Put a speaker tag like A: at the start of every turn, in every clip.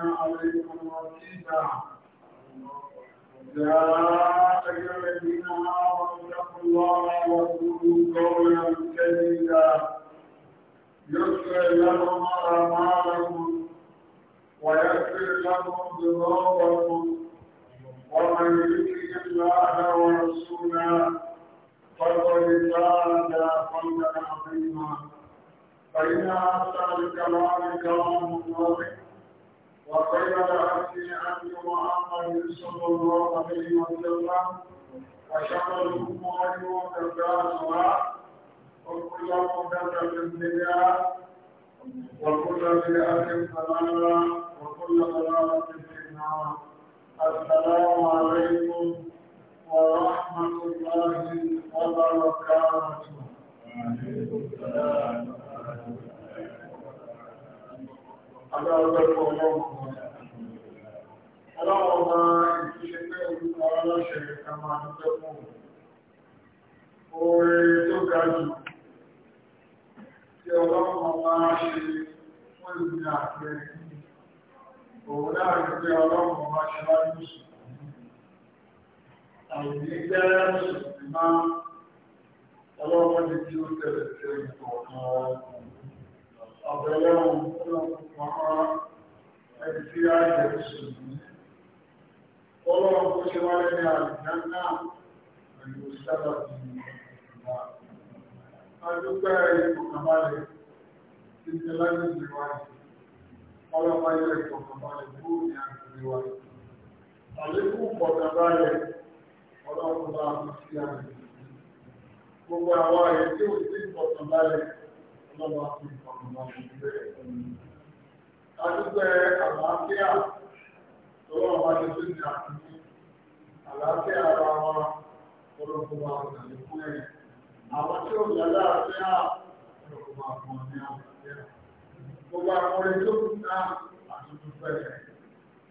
A: عليكم رقيبا يا أيها الذين آمنوا اتقوا الله وقولوا قولا سديدا
B: يصلح لكم أعمالكم
A: ويغفر لكم ذنوبكم ومن يطع الله ورسوله فقد فاز فوزا عظيما فإن أحسن الكلام كلام الله
B: وخير الهدي
A: هدي محمد صلى الله عليه وسلم وشر الامور محدثاتها وكل محدثه بدعه
B: وكل بدعه ضلاله وكل ضلاله في النار السلام عليكم
A: ورحمه الله وبركاته
B: وعليكم السلام adáwọ̀gbẹ́ fún ọlọ́run ọlọ́run
A: ọba ìṣiṣẹ́ pé orúkọ aláṣẹ ká máa dúpẹ́ fún oore tó ga jù tí ọlọ́run ọba ṣe fún ìlú àgbẹ̀ òun náà rí pé ọlọ́run ọba ṣe wá ní ìṣòro àìní jẹ́ ìṣòro máa ọlọ́run ti di ó tẹ̀lé tẹ̀lé ìtọ̀ọ̀kan ọ̀rọ̀ ọ̀bẹ̀lẹ́wọ̀n ọlọ́pàá ẹni tí a yẹ ìṣòwò ọlọ́run tó ṣe wá lẹ́ni àrùjá náà pẹ̀lú sábà bí ìgbà adúgbẹ́ ìfọ̀kànbalẹ̀ ti ṣe láti ṣe wá ọlọ́pàá ilẹ̀ ìfọ̀kànbalẹ̀ kúrò ní àgbèrè wa àlékún ìfọ̀kànbalẹ̀ ọlọ́pàá fi àgbèrè gbogbo àwọn àyè tí ò sí ìfọ̀kànbalẹ̀ Adúgbẹ́ àlàáfíà tó wà wá ní sí ní àkúnní, àlàáfíà ara wa orúkọ wa ìdàlẹ̀ fún ẹ̀. Àwọn tí ó yà láàáfíà orúkọ wa fún ọ ní àlàáfíà. Gbogbo àwọn orin tó kù náà àti dúpẹ́ rẹ̀.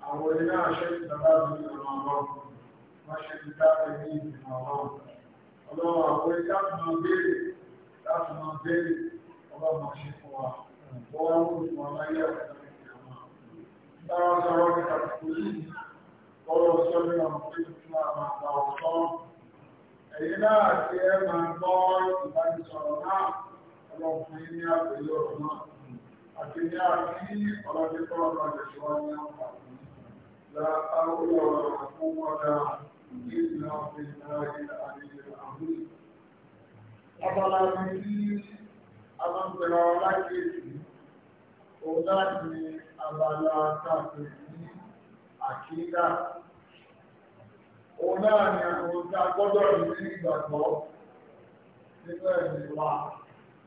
A: Àwọn orin náà ṣe ìdàgbà bí ìrànlọ́ ọlọ́run. Wọ́n ṣe ti dáre ní ìgbìmọ̀ ọlọ́run. Ọlọ́run àwọn orin láti máa béèrè láti máa béèrè ọba máa ṣe fún wa wọ́n wọ́n wọ́n fún wa láyé àtàkùn ìyàmá. Táwọn sọ̀rọ̀ ní àtàkùn yìí, ọ̀rọ̀ sọ́lé àwọn tó ti fún àwọn àgbà ọ̀tọ́. Ẹ̀yin náà àti ẹ máa gbọ́ ìbánisọ̀rọ̀ náà, ọlọ́kùnrin ní àpèlé ọ̀rọ̀ náà. Àti alágbèrè alágbèrè òun láti abala káàkiri ní àkídà òun náà ni àwọn tí a gbọ́dọ̀ rí ní ìgbàgbọ́ nínú ẹ̀mí wa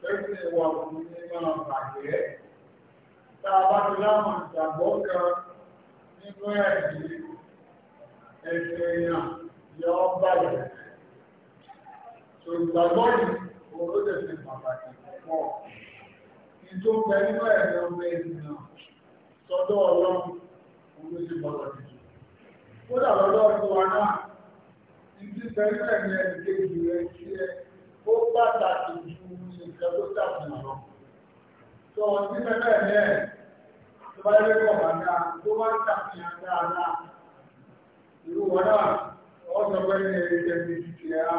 A: lẹ́sìn ìwà òun ní máa bàjẹ́ tá a bá ti láwọn ìgbàgbọ́ kan nínú ẹ̀mí ẹ̀sìn èèyàn yọ ọ́ bàjẹ́ ṣògbàgbọ́ yìí òun ló tẹ̀sí pàtàkì pọ̀ tó ń bẹ nínú ẹ̀rọ ọmọ ènìyàn sọ́dọ̀ ọlọ́run ló ti bọ̀rọ̀ nìyí. Kódà lọ́dọ̀ ọdún wa náà, ìdí bẹ nínú ẹ̀rọ ẹ̀kejì rẹ̀ sí ẹ, ó pàtàkì ju nǹkan tó dàbí lọ. Sọ ní bẹ́ẹ̀ bẹ́ẹ̀ tó bá yẹ kọ̀ bàtà tó bá ń tàfihàn dáadáa. Ìlú wọn náà, ọ̀sán pẹ́ ní ẹ̀rọ ìjẹ̀bi ti ti ara.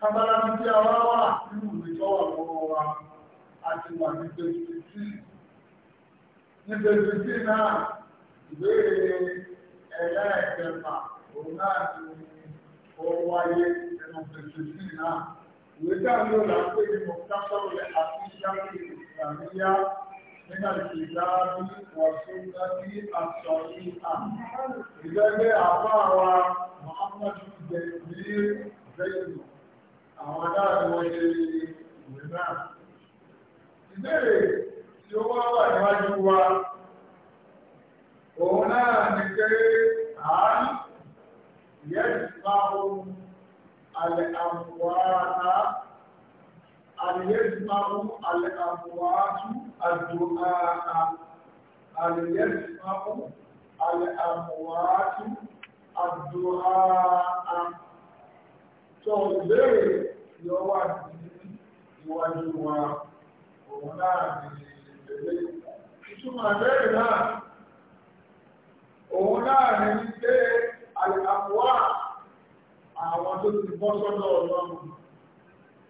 A: Kábálá ti tí a wá wà nínú ìrìtọ́wà lọ́wọ́ wa àti wà ní Bẹ̀rẹ̀tì. Ní Bẹ̀rẹ̀tì náà, ìbéèrè ẹ̀yà ẹ̀kẹfà òun náà ti ọrọ̀ wáyé ẹnu Bẹ̀rẹ̀tì náà. Ìwé dáadọ́ là ń pè ní Mọ̀tásọ́rọ̀ àti Ṣáàkì Ìsàmíyá nígbà tí ìdáàbí wọ̀sùn lábí àṣọ ìhà. Ìgbẹ́gbẹ́ àbá wa, Mọ̀hámàdù Bẹ̀rẹ̀ àwọn adáàbí wọn ṣe ìwé náà. ìbéèrè tí ó wá wà níwájú wa òun náà ni pé àánú yẹ́sìmáwó alẹ́ àmúwáátá àlẹ́yẹ́sìmáwó alẹ́ àmúwáátú àdúrà àlẹ́yẹ́sìmáwó alẹ́ àmúwáátú àdúrà àmúwáátú. sọ ìbéèrè ebe ó wà ní iwájú wa òun náà ní ìbéèrè ìtumọ̀ ìbéèrè náà òun náà ní àwọn tó ti bọ́ sọ́dọ̀ ọlọ́run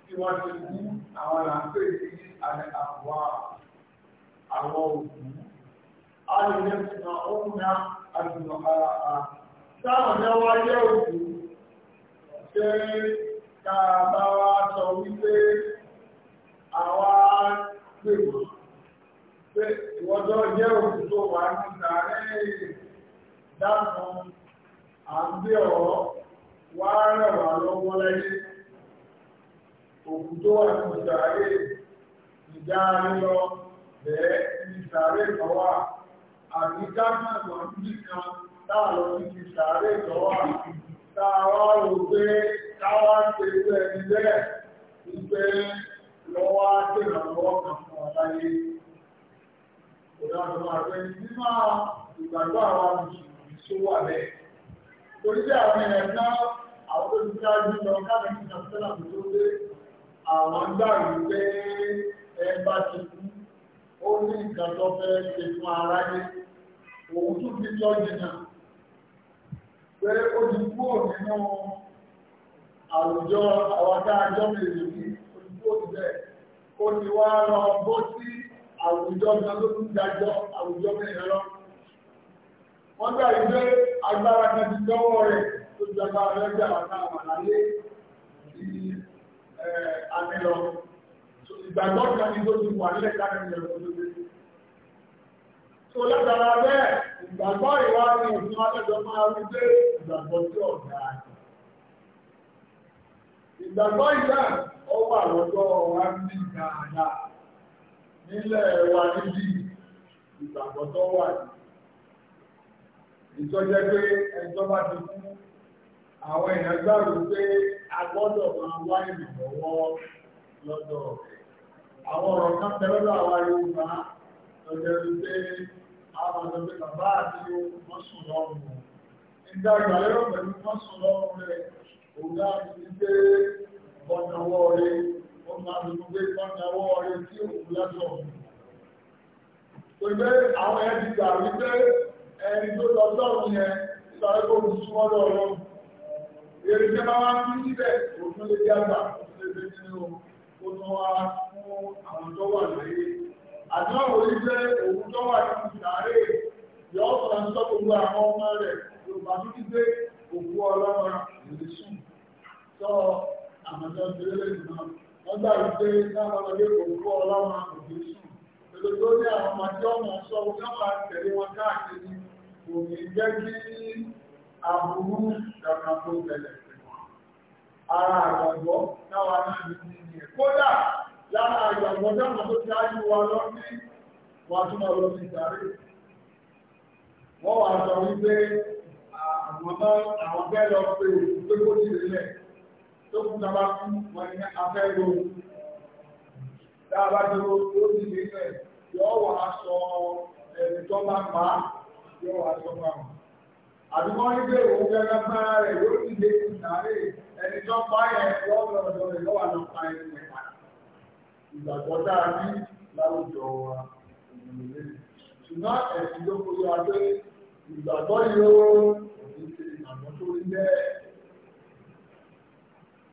A: tí wọ́n ti mú àwọn ní àwọn ṣé ká bá wa sọ wípé àwa pè pé ìwọ́jọ́ jẹ́ tó wà níta lẹ́yìn dákun à ń gbé ọ̀rọ̀ wá rẹ̀ wá lọ́wọ́ wà níta lẹ́yìn ìjà lílọ bẹ́ẹ̀ ní sàárè kan wà àbí dákun táà lọ tààwá rò pé káwá ṣe irú ẹni bẹ́ẹ̀ wípé lọ́wọ́ á ṣèrànlọ́wọ́ kan fún wa láyé. Kò dáhùn máa pẹ́ nínú ìgbàgbọ́ àwọn mùsùlùmí tó wà bẹ́ẹ̀. Torí bí àwọn èèyàn ná àwọn tó ti dájú lọ káàdì ní Nàìjíríà tó tó dé, àwọn gbà wípé ẹ bá ti kú. Ó ní nǹkan tó fẹ́ ṣe fún aráyé. Òun tún ti tọ́jú náà pé ó ti kúrò nínú àwùjọ àwọn adájọ́ mẹ́rin ní olùkó ìbẹ̀ kó ti wá lọ bó sí àwùjọ náà ló dájọ́ àwùjọ mẹ́rin lọ. wọ́n gbà yí pé agbára kan ti dọ́wọ́ rẹ̀ tó ju agbára rẹ̀ jà wà náà wà láyé ti àmì lọ. ìgbàgbọ́ kan ni tó ti wà nílẹ̀ káàkiri ẹ̀kọ́ tó lágbára bẹ́ẹ̀ ìgbàgbọ́ ìwà ni alẹ́jọ́ máa rí dé ìgbàgbọ́ tí ọ̀gá ìgbàgbọ́ ìgbà ó wà lọ́dọ̀ wa ní dáadáa nílẹ̀ wa níbi ìgbàgbọ́ tó wà ní pé ẹjọ́ bá ti kú àwọn èèyàn gbàgbọ́ pé a gbọ́dọ̀ àwọn ọ̀dọ́gbẹ́ bàbá àti mọ́sùn lọ́rùn rẹ̀. Nígbà ìgbàlérò pẹ̀lú mọ́sùn lọ́rùn rẹ̀, òun náà ti gbé bọ́nàwọ́ rẹ̀, ó máa fi gbé bọ́nàwọ́ rẹ̀ tí òun lọ́sọ̀. Pẹ̀lú àwọn ẹ̀ ti gbà wípé ẹni tó lọ sọ́run yẹn sọ̀rọ̀ kó ń súnmọ́ lọ́rọ̀. Èrè tẹ́ máa ń bí síbẹ̀, òun lè bí àgbà, òun lè bí nínú, ó tún wá fún àwọn tó wà lóyè. àjọ òní jẹ́ òun tó wà nínú ìdáre yọ sọ̀rọ̀ ń sọ gbogbo àwọn ọmọ rẹ̀ yorùbá tó ti gbé òkú ọlọ́mọ lè sùn sọ àmọ̀jọ ìdílé náà wọ́n gbà ọmọdé òkú ọlọ́mọ lè sùn tó ní àwọn ọmọdé ọmọ sọ wọn káwọn tẹ̀lé wọn káàkiri jẹ́ kí dàgbà tó ara àgbàgbọ́ náà ní lára ìgbàgbọ́ dáàmà tó ti ájú wa lọ sí wà tún lọ lọ sí ìdarí wọ́n wà sọ wípé àwọn bá àwọn bẹ́ẹ̀ lọ pé òkú pé kó ti rẹ̀ tó kú ta bá kú wọn ní afẹ́ ló tá a bá dúró tó ti rẹ̀ yọ wà sọ ẹni tó bá pa yọ wà sọ pa wọn àdúgbò wípé òun gẹ́gẹ́ bára rẹ̀ yóò ti lè ìdarí ẹni tó pa yẹn lọ́wọ́ lọ́dọ̀ rẹ̀ lọ́wọ́ àlọ́ pa ẹni rẹ̀ padà. ìgbàgbọ́ ní láwùjọ wa ìgbìmọ̀lẹ́ ṣùgbọ́n ẹ̀sìn ló kó yá pé ìgbàgbọ́ yóò ṣe ìgbàgbọ́ tó rí bẹ́ẹ̀.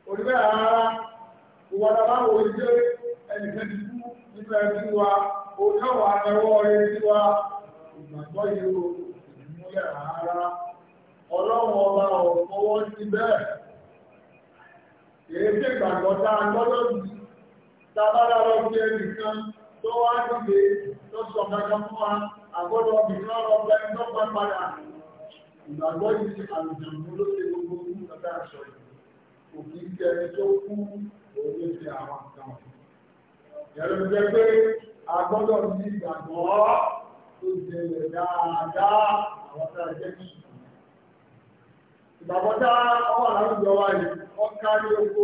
A: oníbẹ̀ rárá ìwà bàbá wo ilé ti kú ẹbí wa ó ẹwọ́ wa ìgbàgbọ́ yóò rárá ọlọ́run ọba sí bẹ́ẹ̀ a gbọ́dọ̀ tàbára lọ bí ẹnìkan tó wá nílé tó sọ kankan fún wa àgbọ́dọ̀ ọbìnrin lọ bẹ tó pẹ́ padà ìgbàgbọ́ yìí àlùjàmù ló ṣe gbogbo fún kàtà àṣọ kò kí ń jẹ ẹni tó kú òun ti àwọn kan ẹ̀rọ jẹ pé àgbọ́dọ̀ ní ìgbàgbọ́ tó jẹlẹ̀ dáadáa àwọn tá a jẹ́ kí ìgbàgbọ́ dá ọwọ́ àlàáfíà wáyé ọ̀kárí oko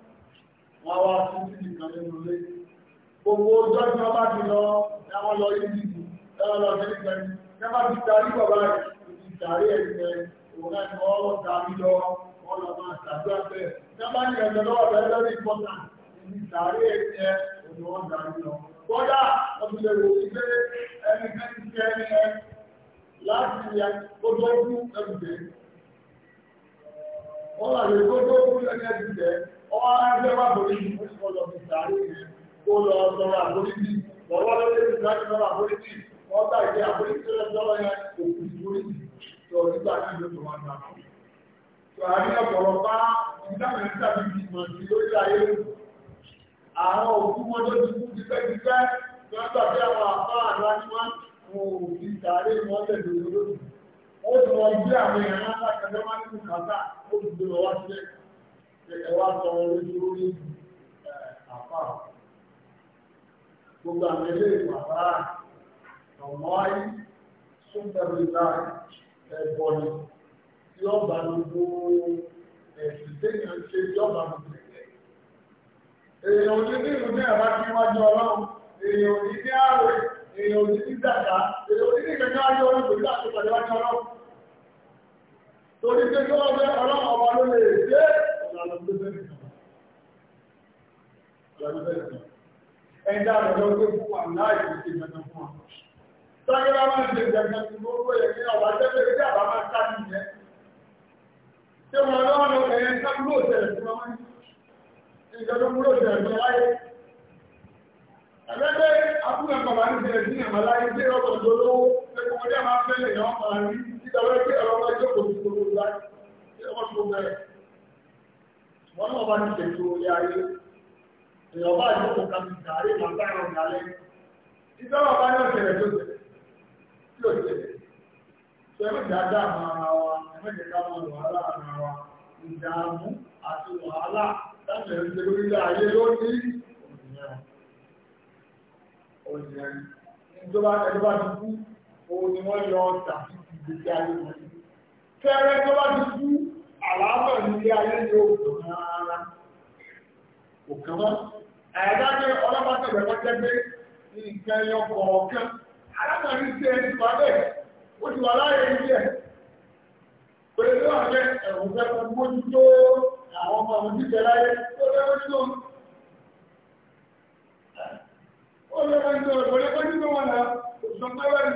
A: wọ́n wá sí títì kan nínú ilé gbogbo ọjọ́ tí wọ́n bá ti lọ ẹwọ́n lọ yí nìyí ẹwọ́n lọ sí nìkan ní wọ́n ti darí bàbá rẹ̀ ti darí ẹ̀sẹ̀ òun náà ni wọ́n darí lọ wọ́n lọ máa ṣàdúrà bẹ́ẹ̀ ní wọ́n bá ní ẹ̀sẹ̀ lọ́wọ́ bẹ́ẹ̀ lọ́rí ìpọ́tà ìdí darí ẹ̀sẹ̀ òun ni wọ́n darí lọ kódà wọ́n wà lè gbogbo fún ẹni ẹ̀dù jẹ́ ọwọ́ arábẹ́ wà lórí ìfúnṣọ́ lọ sí sàárè yẹn kó lọ sọ̀rọ̀ àforíjì lọ́wọ́ lórí ìdájọ́ sọ̀rọ̀ àforíjì wọ́n gbà ìdí àforíjì tó lọ sọ̀rọ̀ yẹn kò kù ìforíjì lọ nígbà tí ìlú tó wà ní àná. sọ̀rọ̀ ní ọ̀pọ̀lọ̀ bá ìdáhùn ẹ̀ńtà bí i mọ̀ sí lórí ayé àwọn òkú wọn tó ti kú tipẹ́tipẹ́ wọ́n gbà bí àwọn àbá àdáni wọn kò fi sàárè mọ́lẹ̀ lórí ó ti wọ gbé àwọn èèyàn máa ń bá kẹjọ máa ń ní kàtà ó ti gbé lọ́wọ́ sílẹ̀ ẹ wá sọ orí lórí àpá gbogbo àwọn ilé ìpàdá ọmọ ayé súnpẹ̀lẹ́dá ẹ̀bọ̀ ni tí ó bá gbogbo ẹ̀sìn téèyàn ṣe tí ó bá gbogbo ẹ̀jẹ̀. èèyàn òní ní ìlú náà bá kí wájú ọlọ́run èèyàn òní ní ààrẹ èèyàn òní ní dàgbà èèyàn òní ní ìgbẹ́jọ́ ayé orí kò ní àti pàdé wájú ọlọ́run
B: torí pé kí wọ́n fẹ́ ọlọ́run ọba ló
A: lè dé ọ̀làlọ́ tó fẹ́ nìkan. ẹ̀dá àgbàdo pé fún wa láì fi ṣe dandan fún wa. sáyẹ́rá máa ń ṣe dandan tí mo wọ èmi ọ̀wá tẹ́lẹ̀ bí àbá máa ká mi yẹn. ṣé wọn lọ́wọ́ ẹ̀yẹn ká ló ṣẹlẹ̀ sí wọn ìjọba múlò ṣẹlẹ̀ sí láyé. ẹgbẹ́ àbúrò bàbá ń ṣẹlẹ̀ sí ìyàmọ̀ láyé tí ìrọ̀bọ̀ tó lówó ẹgbẹ́ ọmọdé máa ń fẹ́lẹ̀ yọ̀ ọ́ ìdáwọ́ ẹgbẹ́ ẹ̀rọ máa jẹ́ òkú tó ló láì kí ọmọ tó bẹ̀rẹ̀. wọ́n náà bá ti ṣètò orí ayé èèyàn bá yóò kọ́ kàmí gàárì máa bá ẹ̀rọ gàálẹ̀. ìdáwọ́ bá yóò tẹ̀lé tó tẹ̀lé tí ò tẹ̀lé.
B: sọ ẹ̀mí ìdájá àwọn
A: ara wa ẹ̀mí ìdẹ́ká wọn wàhálà ara wa ìdààmú àti wàhálà láti ẹ̀rí ṣe lórí ayé lónìí ònìyàn. ònìyàn ìjọba ẹ̀dọ́ bá ti kú òun ni ìgbésí ayé wọn. Fẹ́rẹ́ tó bá ti kú àlàáfẹ́ nílé ayé ni ó kàn án rárá. Kò kàn mọ́. Àyàdá pé ọlọ́pàá tẹ̀lé wọ́n jẹ́ pé nǹkan ẹyọ kọ̀ọ̀kan. Alákùnrin ti é wà bẹ́ẹ̀. Ó ti wà láàyè ilé ẹ̀. Pèlè tó wà bẹ́ẹ̀ ẹ̀rù fẹ́ fún mójútó àwọn ọmọ ọmọ jíjẹ láyé tó fẹ́ mójútó. Ó fẹ́ mójútó ìwọlé mójútó wọn náà. Òṣùpá wà ní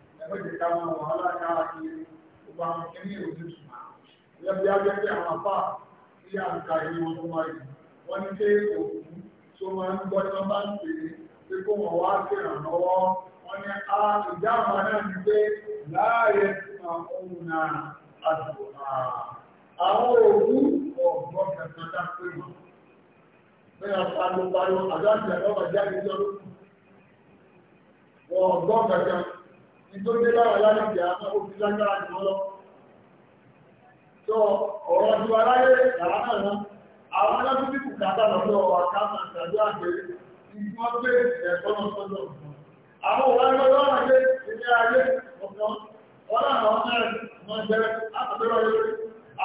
A: ẹgbẹ́jẹ̀ káwọn wàhálà káàkiri gbogbo àwọn kẹ́mí òde tùmá lẹ́bi abẹ́kẹ́ àwọn apá sí àǹkà ìlú wọn tó máa yìí wọ́n ní pé òkú tó máa ń gbọ́ tí wọ́n bá ń pè é pé kó wọ́n wá sí ìrànlọ́wọ́ wọ́n ní a ìjà àwọn náà ní pé láàyè ohun náà àdùn àwọn òkú ọ̀gbọ́n kẹta dá pé wọn bẹ́ẹ̀ pariwo pariwo àjọ jáde lọ́dún wọ́n kẹta nítorí lára láti jẹ́ àwọn òbí lágbára jù lọ. Sọ ọ̀rọ̀ ju aráyé làwọn náà rán. Àwọn alábí bí kù káàtà lọ́dọ̀ àkáàmà tàbí àgbèrè ní kí wọ́n gbé ẹ̀kọ́ náà sọ́dọ̀. Àwọn òwúrọ̀ lọ́wọ́ àgbé ilé ayé
B: ọ̀kan ọ̀nà àwọn mẹ́rin
A: máa ń bẹ̀rẹ̀ àtàbẹ̀rẹ̀ ọ̀yọ́.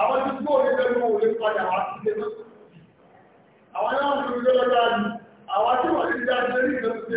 A: Àwọn tí kú òní lẹ́nu ò lè padà wá sí ilé náà. Àwọn yóò ń lò lọ́dọ̀ àjù. Àwọn tí wọ́n ti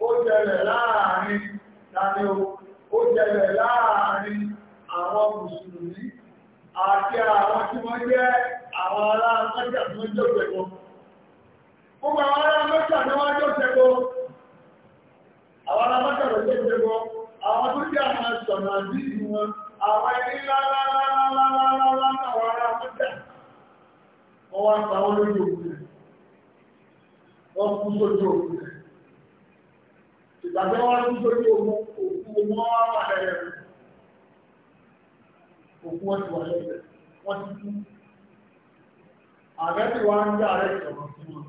A: ó jẹlẹ̀ láàrin tàbí ó jẹlẹ̀ láàrin àwọn mùsùlùmí àti àwọn tí wọ́n jẹ́ àwọn ará mẹ́jà tí wọ́n jọ pẹ̀lú. Gbogbo àwọn ará mẹ́jà ni wọ́n jọ pẹ̀lú. Àwọn ará mẹ́jà lọ jọ pẹ̀lú. Àwọn tó jẹ́ àwọn sọ̀nà àbí ìwọ̀n, àwọn ẹni lálálálálálálá àwọn ará mẹ́jà. Wọ́n wá pa wọ́n lójú òkú Wọ́n kú sójú òkú ìgbàgbọ́ wá sí lórí ogun òkú wọn wá wà lẹ́yìn rẹ̀ òkú wọn ti wà lẹ́yìn rẹ̀ wọ́n ti kú ààrẹ ti wá ń dá ààrẹ ìjọba sí wọn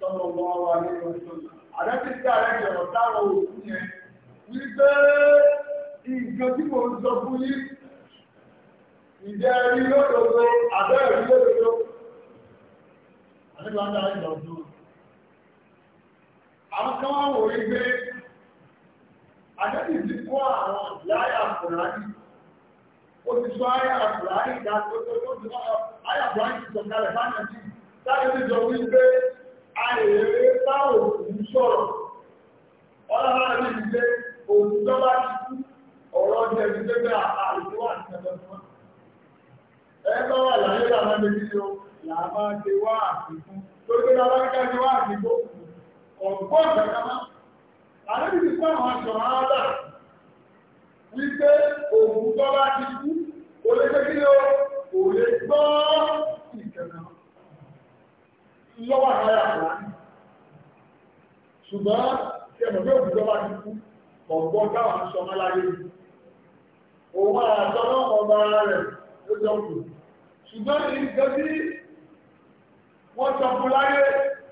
A: sọ́nà wọn wá ní ọjọ́ ààrẹ ti dá ààrẹ ìjọba táwọn òkú yẹn wípé nǹkan tí mo ń sọ fún yín ìjẹ́ rí lódodo àbẹ́ rí lódodo àti ìgbà ń dá ààrẹ ìjọba àwọn kan wọ́n wòrí gbé àjẹ́bì ti kó àwọn láyà fùráì ó ti sọ àyà fùráì ìdá tó tó tó tó àyà fùráì ti sọ̀kalẹ̀ fánàtì táyé ti sọ wípé àìrèrè táwọn òkú sọ̀rọ̀ ọlọ́run àti ìdílé òkú tó bá ọ̀gbọ́n kankanmá àrẹ́bí ti fún àwọn aṣọ àádà wípé òun tó bá ti kú kò lè gbégbé o kò lè gbọ́ ìkànnà lọ́wọ́ àwọn àyàwó ṣùgbọ́n kẹmọ̀ pé òun tó bá ti kú ọ̀gbọ́n káwọn aṣọ ọmọláyé òun àtọ́ náà ọba rẹ̀ ló jọ kù ṣùgbọ́n wọ́n sọ fún láyé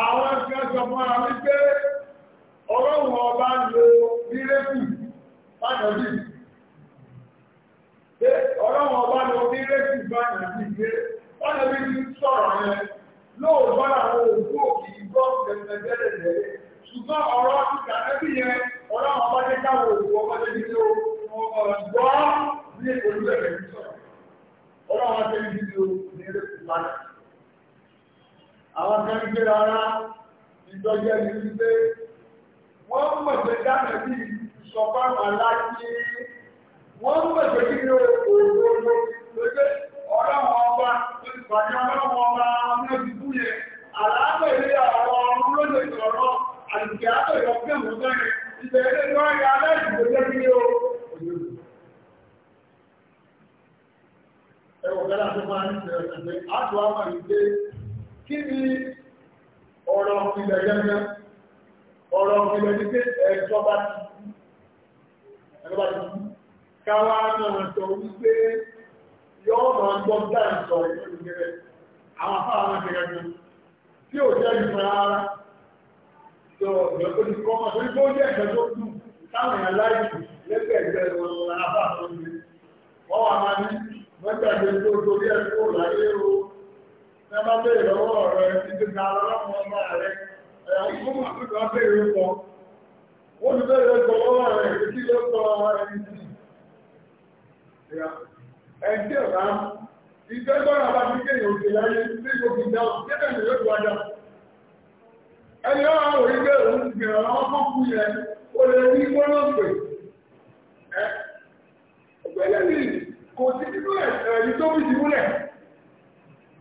A: àwọn tí wọ́n sọ ọba lo mírẹ́kù fánàbí pé ọlọ́run ọba lo mírẹ́kù fánàbí pé fánàbí ti sọ̀rọ̀ òkú ṣùgbọ́n ọ̀rọ̀ ti kan ń gbé rárá ìjọjẹ́ ní wípé wọ́n mọ̀ pé dáná bí ìsọ̀pá màláyé wọ́n mọ̀ pé kí ni òòrùn lójé ọ̀rọ̀ wọn bá ìpàdé ọlọ́wọ́ ọba ọmọdébú yẹ àlàáfẹ̀lẹ́ àwọn ọmọ lójé sọ̀rọ̀ àti àtẹ̀yọ̀ fún ẹ̀mọ́ sẹ́yìn ìbẹ̀rẹ̀ lọ́rẹ̀ aláìsí lójé kí ni ó ẹwọ̀ kẹ́lá tó máa ń sẹ̀rẹ̀ àti àwọn ìgbé kí ni ọ̀rọ̀ ìpìlẹ̀ gẹ́gẹ́ ọ̀rọ̀ ìpìlẹ̀ ní pé ẹ̀jọ́ bá ti kú ẹ̀jọba ti kú káwá náà sọ wípé yọ́ máa gbọ́ dáì sọ ìlú gẹ́gẹ́ àwọn afáwọn náà gẹ́gẹ́ tó tí ò jẹ́ ìfẹ́ rárá tó ìjọba ti kọ́ máa torí pé ó jẹ́ ìfẹ́ tó kù táwọn èèyàn láìpù lẹ́gbẹ̀ẹ́gbẹ́ wọn afáwọn náà wọ́n bá bèèrè lọ́wọ́ ọ̀rọ̀ ẹ̀ ti ti gba ọlọ́mọ ọmọ rẹ̀ ẹ̀yà fún àtúntò abẹ́rẹ́ pọ̀ ó ti bẹ̀rẹ̀ pọ̀ lọ́wọ́ rẹ̀ kí ló sọ ẹni tì ẹ̀jẹ̀ rà ìfẹ́ gbọ́dọ̀ bá ti kéèyàn òkè láyé tí kò fi dá ní yóò wájà ẹni ọ̀rọ̀ àwọn ìgbẹ́ òun ti gbìyànjú àwọn ọmọ kú yẹn ó lè ní gbọ́dọ̀ pè ẹ́ ọ̀gbẹ́lẹ́ mi kò sí nínú ẹ̀ ẹ̀yìn tó fi ti múlẹ̀.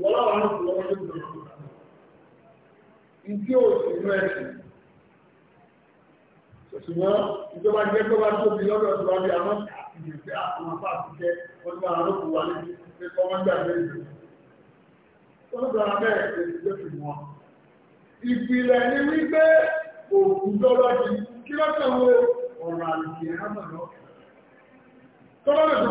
A: wọ́n láwọn ló fi wọ́n tó dùn. Ìdí òsì inú ẹ̀sìn. Ṣùgbọ́n ìjọba jẹ́ tó bá tóbi lọ́dọ̀ tó wá bí a máa kàkì lè fẹ́ àwọn afá àtijẹ́ wọ́n tó máa lóko wá lébi pé kọ́ wọ́n gbàgbé ìlú. Wọ́n gbàgbé bẹ́ẹ̀ ṣe ti gbé fi wọn. Ìpìlẹ̀ ni wípé òkú lọ́dọ̀ ti kí lọ́sàn wo ọ̀rọ̀ àlùkè hámà lọ́kàn. Tọ́lọ́dọ̀ tó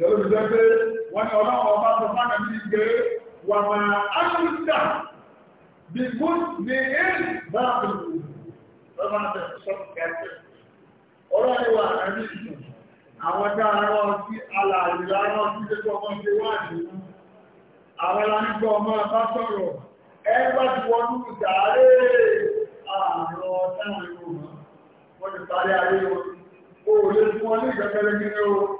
A: Yẹ́lú mi jẹ́ pé wọ́n ní ọlọ́run ọba tó fánà bí gbé wà máa áṣíríkà bí gún ní èyí bá a bẹ̀rù. Bẹ́ẹ̀ máa bẹ̀rù sọ́kù kẹ́kẹ́. Ọ̀rọ̀ ni wà ẹ̀mí ìtàn. Àwọn dára wọn sí alàyè lára wọn sí gbogbo ọmọ ṣe wá àdéhùn. Àwọn aláǹgbọ́ ọmọ bá sọ̀rọ̀. Ẹ bá ti wọnú ìdàrẹ́ àrùn ọ̀tá ìlú wọn. Wọ́n ti parí ayé wọn. Ó lè fún ọ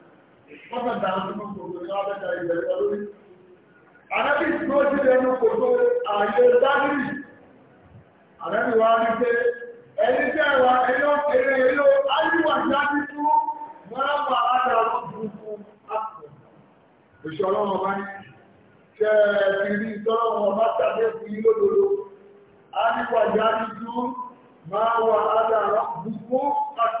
A: wọ́n fẹ́ dàá nínú kòtò ní wọ́n fẹ́ dàá ìbẹ̀rẹ̀ lọ lórí. Àrẹ́bí tó ti lẹ́nu kòtò ààyè dáhìrì. Àrẹ́bí wa ní pé ẹni tẹ́ wa ẹni ó kéré yóò áyíwà jáde tó wọ́n á wà ádà lọ́dúnkún àpò. Òṣù ọlọ́run ọba ní ṣe ìrí ìtọ́lọ́run ọba tàbí ẹ̀kú yí lódodo. Áyíwà jáde tó máa wà ádà lọ́dúnkún àpò.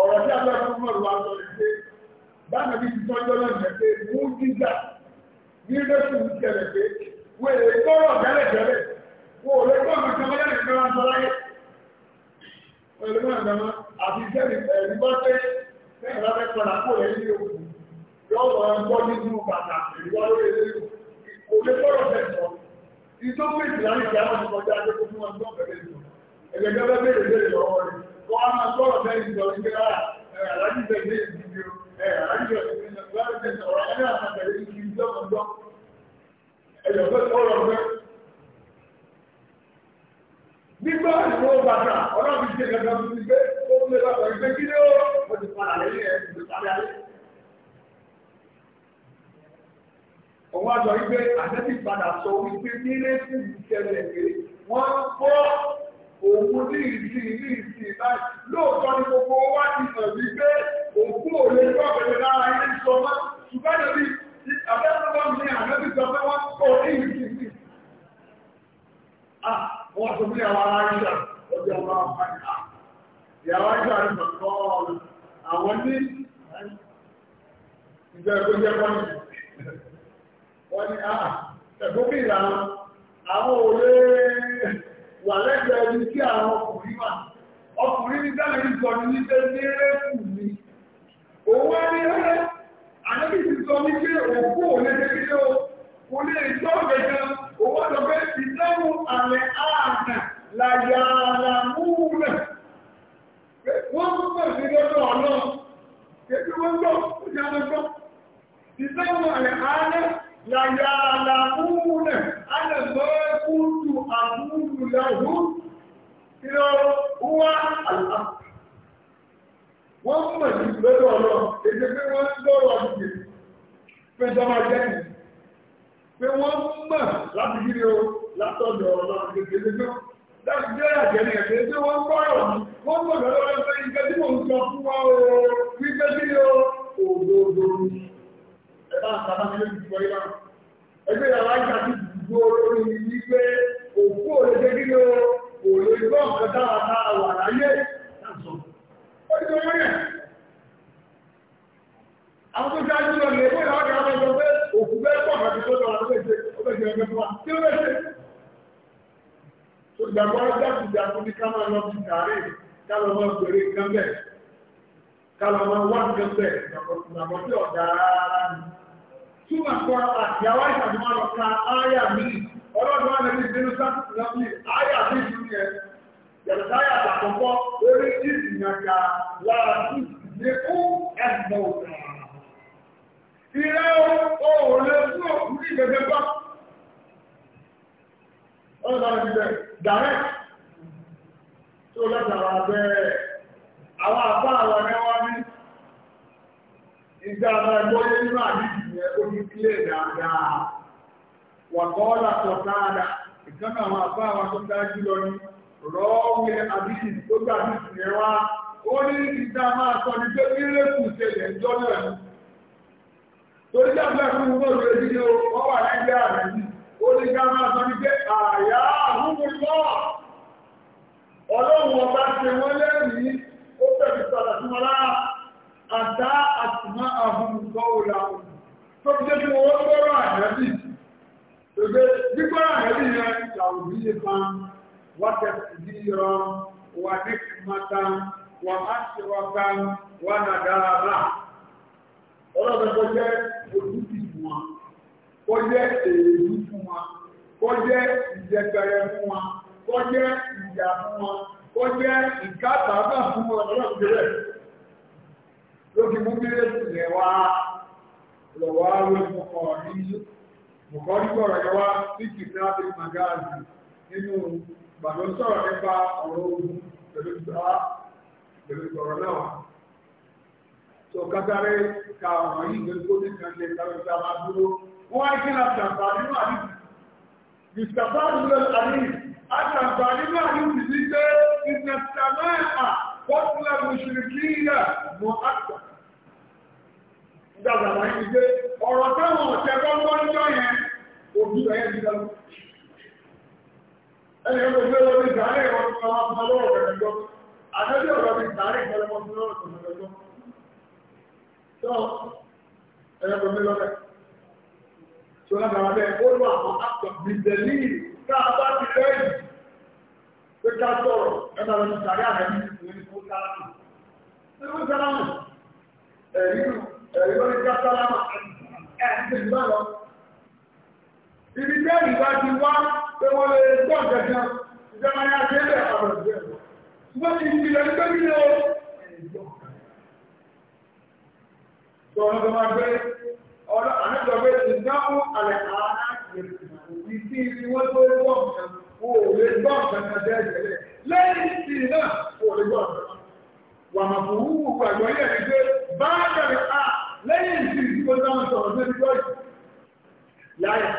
A: ọ̀rọ̀ tí a bá fún mọ́rù wa sọ pé báwọn bí ti tọ́jọ́ lọ́nà pé mú jíjà ní lẹ́sùn tẹ̀lẹ̀ pé wọ́n èlé tọ́rọ̀ tẹ́lẹ̀tẹ́lẹ̀ wọ́n ò lè tọ́ àwọn ìjọba lẹ́yìn tí wọ́n sọ láyé. wọ́n lè máa dáná àti ìjẹ́rì ẹ̀rí bá pé bẹ́ẹ̀ bá fẹ́ padà kó rẹ̀ ní òkú yọ̀ọ̀rọ̀ ń bọ́ nínú bàtà ìwà lórí eléyìí kò lè tọ́rọ̀ tẹ̀sọ̀ ìtọ́gbẹ̀sì láyé ìyá wọn ti kọjá wọ́n á máa sọ̀rọ̀ bẹ́ẹ̀ ní ìjọba ìgbéra aláàjì bẹ́ẹ̀ ní ìdíje aláàjì ọ̀sẹ̀ ọ̀rọ̀ ẹ̀rọ àtàkàlẹ̀ ìdíje ìjọba ọ̀dọ́ ẹ̀yọ̀ pé kọ́rọ̀ pé. nígbà ìwọ bàtà ọlọ́run ti ṣe gàgà fún mi pé ó ń lè bàtà ìgbé kí ni ó mo ti padà lẹ́yìn ẹ̀ mo ti padà lẹ́yìn. òun á sọ wípé àtẹ́tí padà sọ wípé nílé fún ìṣẹ̀lẹ̀ pé wọ́n kọ́ òun ní ìdí ní ìsìn ìbáyìí lóòótọ́ ni gbogbo wa ti mọ̀ wípé òkú ò lè lára ilé sọ mọ́ ṣùgbọ́n níbi abẹ́rẹ́lọ́wọ́ ní àmẹ́bí sọ pé wọ́n kọ́ ní ìsìn sí. Ah, àwọn àtúntò ìyàwó ara ìjà ọjọ́ ọba ọba
B: ìyá ìyàwó ìjà
A: ni mọ̀tọ́ wà lẹ́gbẹ̀ẹ́ ibi tí àwọn ọkùnrin wà ọkùnrin ní dáhùn ìjọ ní wípé mérekù ni òun ẹni rẹ àdébí ti sọ wípé òkú òun ẹni kékeré o kò lè jọ gbẹgbẹ òun ọdọ pé ìdáhùn àlẹ ààrẹ làyà àlàmúlẹ wọn tún pè sí lọ́dọ̀ ọlọ kébí wọn gbọ́ ó ti àwọn gbọ́ ìdáhùn àlẹ ààrẹ làyà àlàmúlẹ àlẹ lọ ẹkú tu lahu iná wá àlá. Wọ́n mọ̀ ní lọ́dọ̀ ọ̀nà èdè pé wọ́n ń lọ́rọ̀ àdìgbè pé ìjọba jẹ́ ní. Pé wọ́n mọ̀ láti yí o látọ̀dọ̀ ọ̀nà àgbègbè pé láti jẹ́ àjẹ́ ní ẹ̀gbẹ́ pé wọ́n gbọ́rọ̀ ní. Wọ́n mọ̀ lọ́dọ̀ ọ̀nà pé ìgbẹ́ tí mò ń sọ fún wa o wípé bí o òdòdó ní. Ẹ bá àtàlà mi lójú ìgbọ́ yìí náà. Ẹgbẹ́ ìyàwó àjà ti dùgbò lórí wípé ní ká máa lọ sí tààrí kálọ̀ máa gbèrè nǹkan bẹ̀ kálọ̀ máa wá nǹkan bẹ̀ ìgbàgbọ́ sí ọ̀dà rárá ni. túmọ̀ kọ́ àti àwọn ìṣàdùn máa lọ ka áyà mi ọlọ́dún wa lẹ́ni ìdínú sáàtì náà bí áyà mi ìlú yẹn yàtọ̀ sáyà àtàkọ́kọ́ orí ìdìyànká lára sí ìdílé fún ẹ̀sìn náà ìrẹ́ oòrùn lè fún òkú ní ìgbẹ̀gbẹ̀ bá. ọlọ́dún wa lẹ́ni ìdínú tó látara bẹ́ẹ̀ àwọn àbá àwọn ẹ̀rọ wá ní ìgbà àbá ẹgbọ́yé nínú àdíjì yẹn ó ní kílẹ̀ dáadáa wà kọ́ látọ̀ sáadà ìkánná àwọn àbá àwọn tó dájú lọ ní rọ́ọ̀wé àdíjì tó gbà ní ìsìn wá ó ní ìgbà máa sọ ní pé mílẹ̀kù ṣẹlẹ̀ ìjọ náà ní torí dábàá fún un bọ́ọ̀lù èdè yìí ó wà lẹ́gbẹ̀ẹ́ àrẹ̀ yìí ó ní ká máa sọ ní pé àyà àhúnmùlọ́ọ̀ ọlọ́run ọba ṣe wọ́n lẹ́rìí ó tẹ̀lé padà sí wọn lára àdá àtìmá àhùnùkọ́ òòlà òun tó fi jẹ́ kí wọ́n gbọ́rọ̀ àjẹ́bì ṣègbè gbígbọ́rọ̀ àjẹ́bì yẹn làwọn òbí yìí kan wá tẹ̀sí bí yọ wà ní kìmọ́ta wà má ṣe wà ká wà nàgàrà rà ọlọ́run kò jẹ́ ojútì fún wa kò jẹ́ èèyàn fún wa kò jẹ́ ìjẹgbẹrẹ fún wa kọ́ jẹ́ ìyà fún wọn kọ́ jẹ́ ìkátàbà fún wọn lọ́nà ìbílẹ̀ ló fi mú bílẹ̀ sílẹ̀ wá lọ́wọ́ àwọn mọ̀kànlí
B: mọ̀kànlí bọ̀rọ̀
A: yẹn wá sí kìtàbí magazi nínú gbàdọ̀ sọ̀rọ̀ nípa ọ̀rọ̀ ogun pẹ̀lú ìgbọ̀rọ̀ náà tó kátàrí ka ọ̀rọ̀ yìí pẹ̀lú kó ní kan lè tàbí Àgbàgbà nínú àdúgbò sí pé ìtẹ̀sàmẹ́ta pọ́tùlà mùsùlùmí yà mọ́ àgbà. Ìgbàgbà wáyé ti pé ọ̀rọ̀ táwọn ọ̀tẹ̀ gbọ́ngbọ́ ń jọ yẹn, òbí rẹ̀ yẹn ti lọ.
B: Ẹni ẹgbẹ́ ìgbẹ́ lórí ìdáre ìwọ̀n tó
A: máa ń bá lọ́wọ́ rẹ̀ lọ. Àdájọ́ ọ̀rọ̀ mi ìdáre ìgbẹ́lẹ́mọ́ tó lọ́rọ̀ tó lọ́rọ̀ lọ. Tọ́ ẹ̀yẹ́ kò ní lọ́rẹ̀. Tí wọ́n lágbàá bẹ́ẹ̀, ó lọ àwọn àpọ̀ bìbẹ̀lì tá a bá ti lẹ́yìn pé ká sọ̀rọ̀ ẹ máa lọ sàrí àrẹ ní ìwé ní kó sálámù. Nínú sálámù, ẹ̀rí ẹ̀rí lórí ká sálámù ẹ̀ ń tẹ̀lé bá lọ. Ibi tẹ́lẹ̀ ìgbà ti wá pé wọ́n lè gbọ́ ìjẹ̀jẹ̀ ìjọba ní àjẹ́lẹ̀ àwọn ìjẹ́ lọ. Ṣùgbọ́n ti fi lọ nígbà nílé o. Sọ̀rọ̀ tó máa gbé ọ̀rọ̀ àná kí ni wọ́n tó gbọ́ nǹkan o ò lè gbọ́ nǹkan kan bẹ́ẹ̀ tẹ́lẹ̀ lẹ́yìn sí i náà o ò lè gbọ́ nǹkan kan. wàmà fún wúwo gbàgbọ́ yẹ̀ ni pé báàgàrẹ̀ a lẹ́yìn sí i kó dáhùn sọ̀rọ̀ sí ẹjọ́ yìí. láyà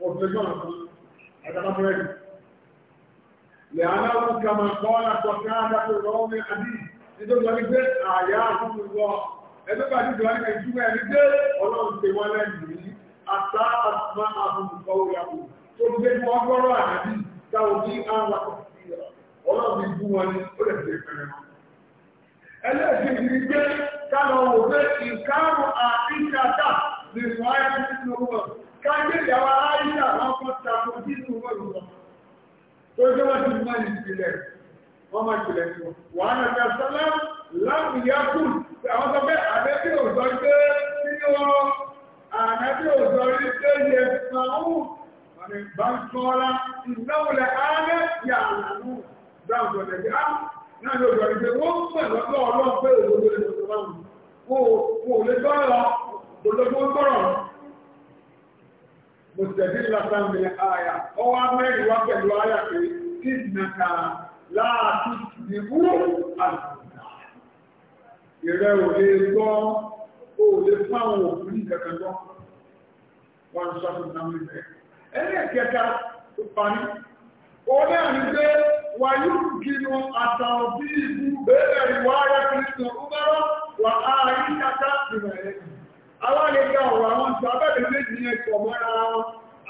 A: wọ́n fi lè gbọ́ nǹkan àtàkà búrẹ́dì. lẹ́yìn àwọn kàmá kọ́lá kọ̀ọ̀kan àdàkọ̀ rọ́ọ̀mì àdì nítorí wọn ni pé àyà àkókò wọ ẹgbẹ́ bàtí ìjọba ní kẹ́kẹ́ ìjúwẹ́ ẹni pé ọlọ́run ti wọ́n lẹ́yìn yìí àtà àtúmọ̀ àbùkù kọ́wé yàgò tó fi gbé wọn gbọ́rọ̀ ànábì táwọn bí àwọn akọ̀tì ọlọ́ọ̀bí bú wọn ní ó lè fi pẹ̀lẹ́ wọn. ẹlẹ́sìn ní pé káwọn wò pé ìkárùn àìsàdà lè fọ àìsàn nínú wọn káyé ìyàwó àìsà wọn kọ́ tako nínú wọn lọ. tó jẹ́ wọn ti mọ ìpìlẹ̀ wọ́n máa ìpìlẹ̀ sí wọn. wàhálà ìjà sọ́lá láti yá kù àwọn sọ pé àbẹ́bí òòjọ́ gbé nínú ànábì òòjọ́ rí pé yẹ bal qala innahu la'ana ya'lamu brown to the ground náà ló gbọ́ ìgbé wọ́n pẹ̀ lọ́gbọ́ ọlọ́run pé òwúrò lè lọ́gbọ́ wọn ò lè gbọ́rọ̀ òdòdó gbọ́rọ̀ mo tẹ̀sí lásán mi àyà ọwọ́ mẹ́rin wá pẹ̀lú àyà pé kí nàkà láàtú ní wúrò àgbà ìrẹ́ ò lè gbọ́ ò lè fáwọn òfin ìjẹ̀kẹ̀ gbọ́ wọn sọ fún náà ẹlẹ́ẹ̀kẹta tó parí òun náà ní pé gínú àtàwọn bí iwu bẹ́ẹ̀ ìwà ara kristu a wà á rí kàkà ìrọ̀ ẹ̀yìn alágbèéká ọ̀rọ̀ àwọn ìjọ abẹ́bẹ̀ méjì yẹn pọ̀ mọ́ra wọn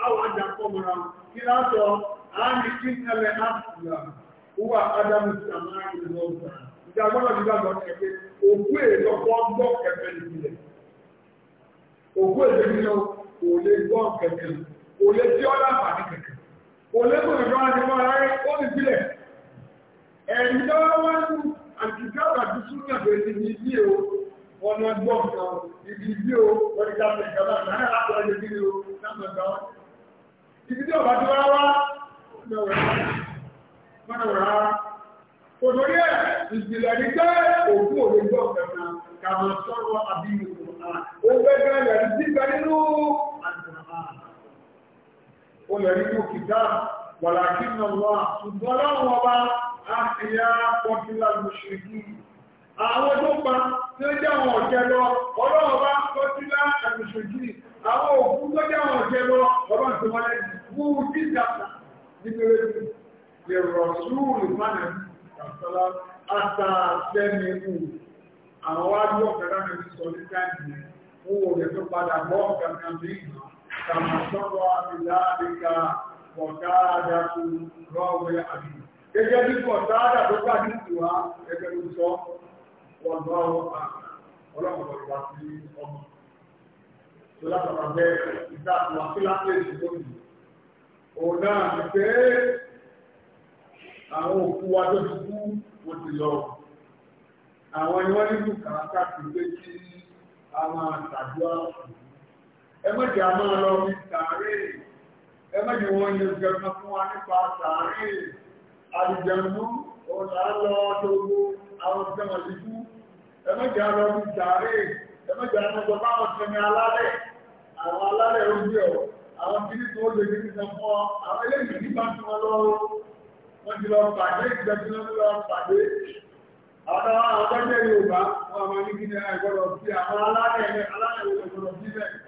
A: àwọn àjàpọ̀ mọ́ra wọn kí látọ̀ àmì kí ádámù sí ìjà kò lè tí ọ́ láǹfààní kẹ̀kẹ́ kò lè kò lọ́wọ́ àti mọ́ ara rẹ̀ ó ti sílẹ̀ ẹ̀yìn tó wá ń àti káàbà tó súnmọ́ àti ẹni ní ibi o ọ̀nà ẹgbọ́n kan ibi ibi o wọ́n ti dáhùn ìjọba náà láti ọjọ́ ibi o láti ọjọ́ ibi tí ọba tó wá wá mọ́nà wọ̀rá òtòrí ẹ̀ ìjìnlẹ̀ ní pé òkú òde gbọ́ kẹta kà máa sọ̀rọ̀ àbí ìwòrán òun ó lè rí mú kìtà wàlá kí nà wà ṣùgbọ́n láwọn ọba àṣìyà pọ́kílà lóṣèlú àwọn tó pa tí ó jẹ́ àwọn ọ̀jẹ́ lọ ọlọ́run bá pọ́kílà lóṣèlú àwọn òkú tó jẹ́ àwọn ọ̀jẹ́ lọ ọlọ́run tó wọlé wú dídà nígbèrè ìrọ̀súrù mánà kàtàlá àtàṣẹ́mi wù àwọn wájú ọ̀kadà mi sọ ní káàdì wọ́n wò lè tó padà bọ́ ọ̀kadà mi ìgbà كما سوى بذلك قتادة راوي أبي gẹ́gẹ́ bí kọ̀tádà tó bá ní ìwà gẹ́gẹ́ ló sọ wọ́n bá wọ́n pa ọlọ́pàá wá sí ọmọ tó látara bẹ́ẹ̀ ìta àwọn akíláṣẹ́ ìṣòro òun náà ti pé àwọn òkú wa tó ti kú mo ti lọ àwọn ni wọ́n kí a máa tàdúrà òkú ẹmọ́jì a máa lọ bí sàárè ẹmọ́jì wọn yóò jẹun fún wa nípa sàárè àlùjẹ̀mú ọ̀là lọ lógo àwọn ìjọba ìlú ẹmọ́jì a lọ bí sàárè ẹmọ́jì a lọ sọ fáwọn ìsinmi alálẹ̀ àwọn alálẹ̀ ojú ọ̀ àwọn kìíní tó ó lè ní ìsọ fún ọ àwọn eléyìí nípa tí wọn lọ wọn ti lọ pàdé ìgbẹ́sí lọ́dún lọ pàdé àwọn àwọn ọjọ́ Yorùbá wọn àwọn oníkíni àìgbọ́dọ̀ sí àwọn alálẹ̀ alálẹ̀ òṣèlú ọ̀gbọ́dọ̀ sí bẹ́ẹ̀.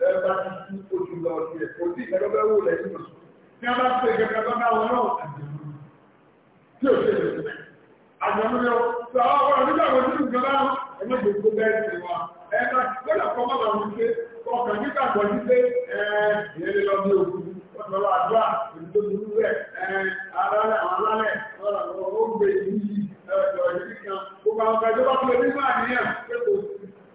A: ẹ bá ti kú ojú lọ sí ẹ kò sí ìgbàgbọ́ bẹ́ẹ̀ wò lẹ́yìn lọ. Ní a bá ti ṣe ìgbàgbọ́ bá bá wọn náà àjẹmọ́ tí ò ṣe lè fẹ́. Àjẹmọ́ yọ sọ àwọn ah, ọ̀rọ̀ nígbà wo nínú ìjọba ẹ̀mí gbogbo bẹ́ẹ̀ ti wá. Ẹ bá ti kọ́lá kọ́ bá wọn ṣe ọkàn nígbà gbọ́ sí pé ẹ ìyẹn lè lọ bí òkú. àdúrà ìdúró burú rẹ̀ ẹ̀ alálẹ̀ àwọn alálẹ̀ ọ̀rọ̀ ó gbé yìí ẹ̀rọ ìdí kan. Gbogbo àwọn ọ̀gá ìjọba tó lè máa níyàn pé kò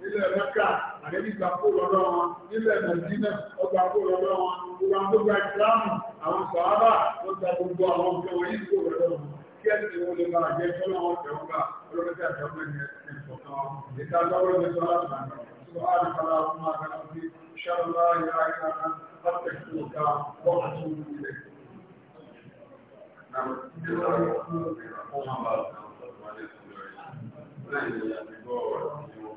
A: nílẹ̀ mẹ́kà àdébí gba kó lọ́dọ̀ wọn nílẹ̀ mẹ́dínà ọgbà kó lọ́dọ̀ wọn gbogbo àwọn tó gba ìsìlámù àwọn sọ̀hábà wọ́n gba gbogbo àwọn ọ̀gbẹ́ wọn yìí kó lọ́dọ̀ wọn kí ẹ̀sìn wọn lè bá àjẹ́ tó náà wọ́n tẹ̀ wọ́n gbà olókẹ́tẹ́ àti ọgbẹ́ ni ẹ̀sìn ìfọ̀kan wọn ìta lọ́wọ́ ní sọ́lá tàbí سبحانك اللهم وبحمدك اشهد ان لا اله الا انت استغفرك واتوب اليك نعم Thank you.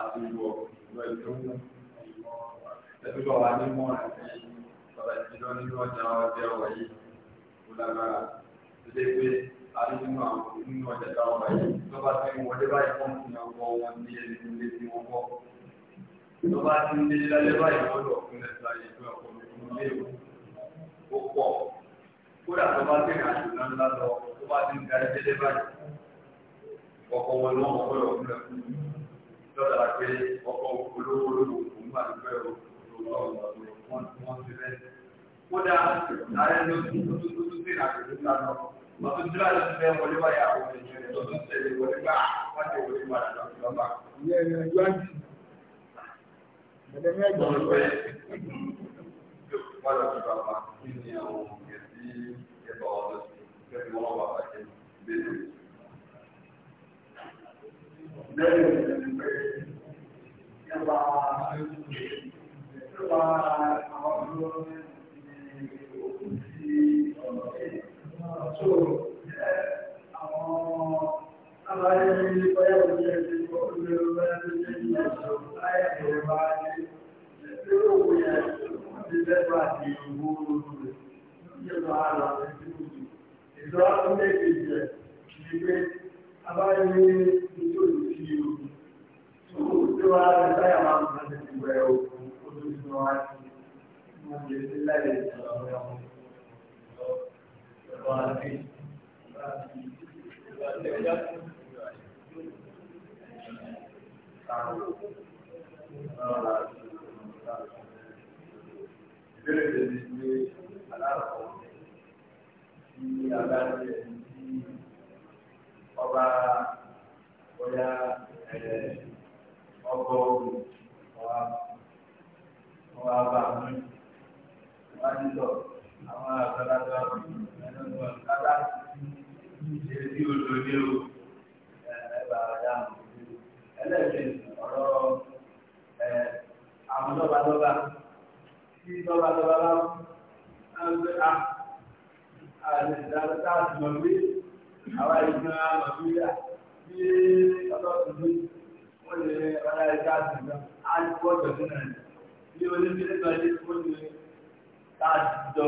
A: àti ìwọ̀ ìwọ̀ ìlú ẹ̀tùbọ̀ wà ní mọ́ ẹ̀sìn ọ̀rọ̀ ìjìnlọ nínú ọjà ọjọ́ ọ̀wọ̀ yìí kò lágbára tó dé pé a ní nínú àwọn nínú ọjà ọ̀wọ̀ yìí tó bá ti wọ́n dé báyìí fún ìyá ọkọ̀ wọn ní ẹni tó lé sí wọn kọ́ tó bá ti ń délé lálẹ́ báyìí wọ́n lọ fún ẹ̀sìn ayé tó ọkọ̀ lé ó pọ̀ kódà tó bá tẹ̀lé àjùlọ ńlá ń darí délé lọ́dà pé ọkọ̀ olówó olówó òun wà lópẹ́ kódà ààrẹ ló ti tó tó tó sí àgbègbè ńlá náà wọn tó dúró àti fẹ́ wọlé wáyà àwọn ènìyàn rẹ̀ tó tó tẹ̀lé wọlé bá wọn lè wọlé wá lọ sí ọba. ìyá ẹ̀yà ìjọ àjì ẹ̀dẹ̀mí ẹ̀jọ̀ ló fẹ́ wọ́n lọ sí bàbá kí ni àwọn òkè sí ẹ̀bà ọ̀dọ́ sí kẹ́kẹ́ wọ́n wà lẹ́yìn ìgbẹ́
B: nípa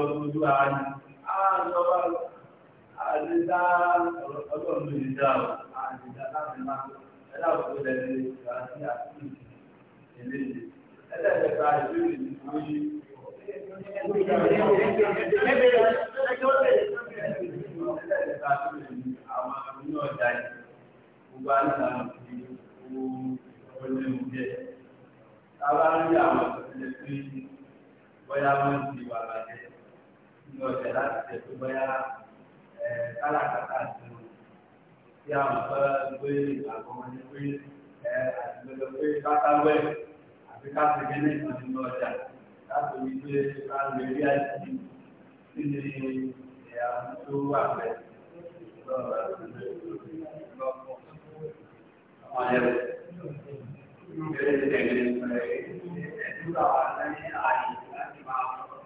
A: lójú ara ní àjọba àdídá ọlọ́run ló lè dá ọ àdídá láti máa ẹ̀dá òkú rẹ̀ lè gbà sí àkíyèsí eléyìí ẹlẹ́dẹ̀ẹ́ta ìbéèrè ní orí. ẹlẹ́dẹ̀ẹ́ta ìbéèrè ní àwọn
B: onímọ̀ ọjà yìí gbogbo àná ti kú
A: ọlẹ́wọ̀n jẹ́. tábà ń rí àwọn ìṣẹ̀lẹ̀ pé bóyá wọ́n ti ọjà láti tẹ̀ tó bọ́yá kálàkátà sí wọn tí a mọ̀ fẹ́ gbé ìgbàgbọ́ wọn ní
B: pé àtìlẹ́lẹ́ pé kátàwẹ̀
A: àti káfíńkì ní ìpínlẹ̀ ọjà
B: láti rí pé ká lè rí àìsí sí ní àmútó àgbẹ̀ lọ́wọ́ lọ́pọ̀ àwọn ẹ̀rọ ìgbẹ́lẹ̀ tẹ̀lé ẹ̀dúrà wà lẹ́yìn àyè láti máa fọ́.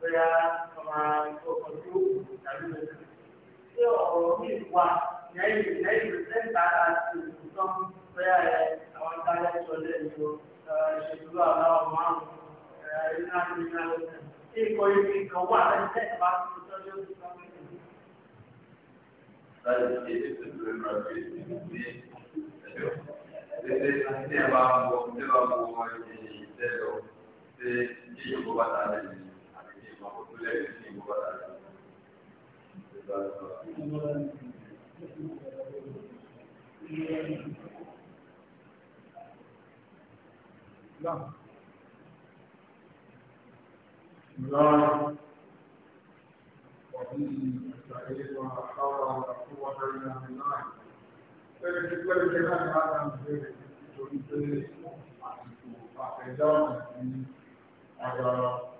A: bóyá ọmọ ìfowópamọ́ tó tàbí lọ́sẹ̀. Ṣé ọ̀rọ̀ mi wà lẹ́yìn lẹ́yìn sẹ́ńtà àti ìbùsọ̀ bóyá àwọn ìtàlẹ̀ sọ̀lẹ̀ ìlú ìṣèlú àwọn ọmọ àwọn ìlú àti ìlú àwọn
B: ṣé ìkọ̀ ibi kan wà lẹ́yìn
A: bá ti tọ́jú ìbùsọ̀
B: láti ṣe ètò ìrìnà àti ètò ìgbé ẹjọ́ ṣe ṣe ṣe bá ń bọ̀
A: ṣe bá ń bọ̀ ọmọ ìṣẹ̀lẹ̀ ṣe ṣe ìjọba tààrà yìí. لا لا Thank you.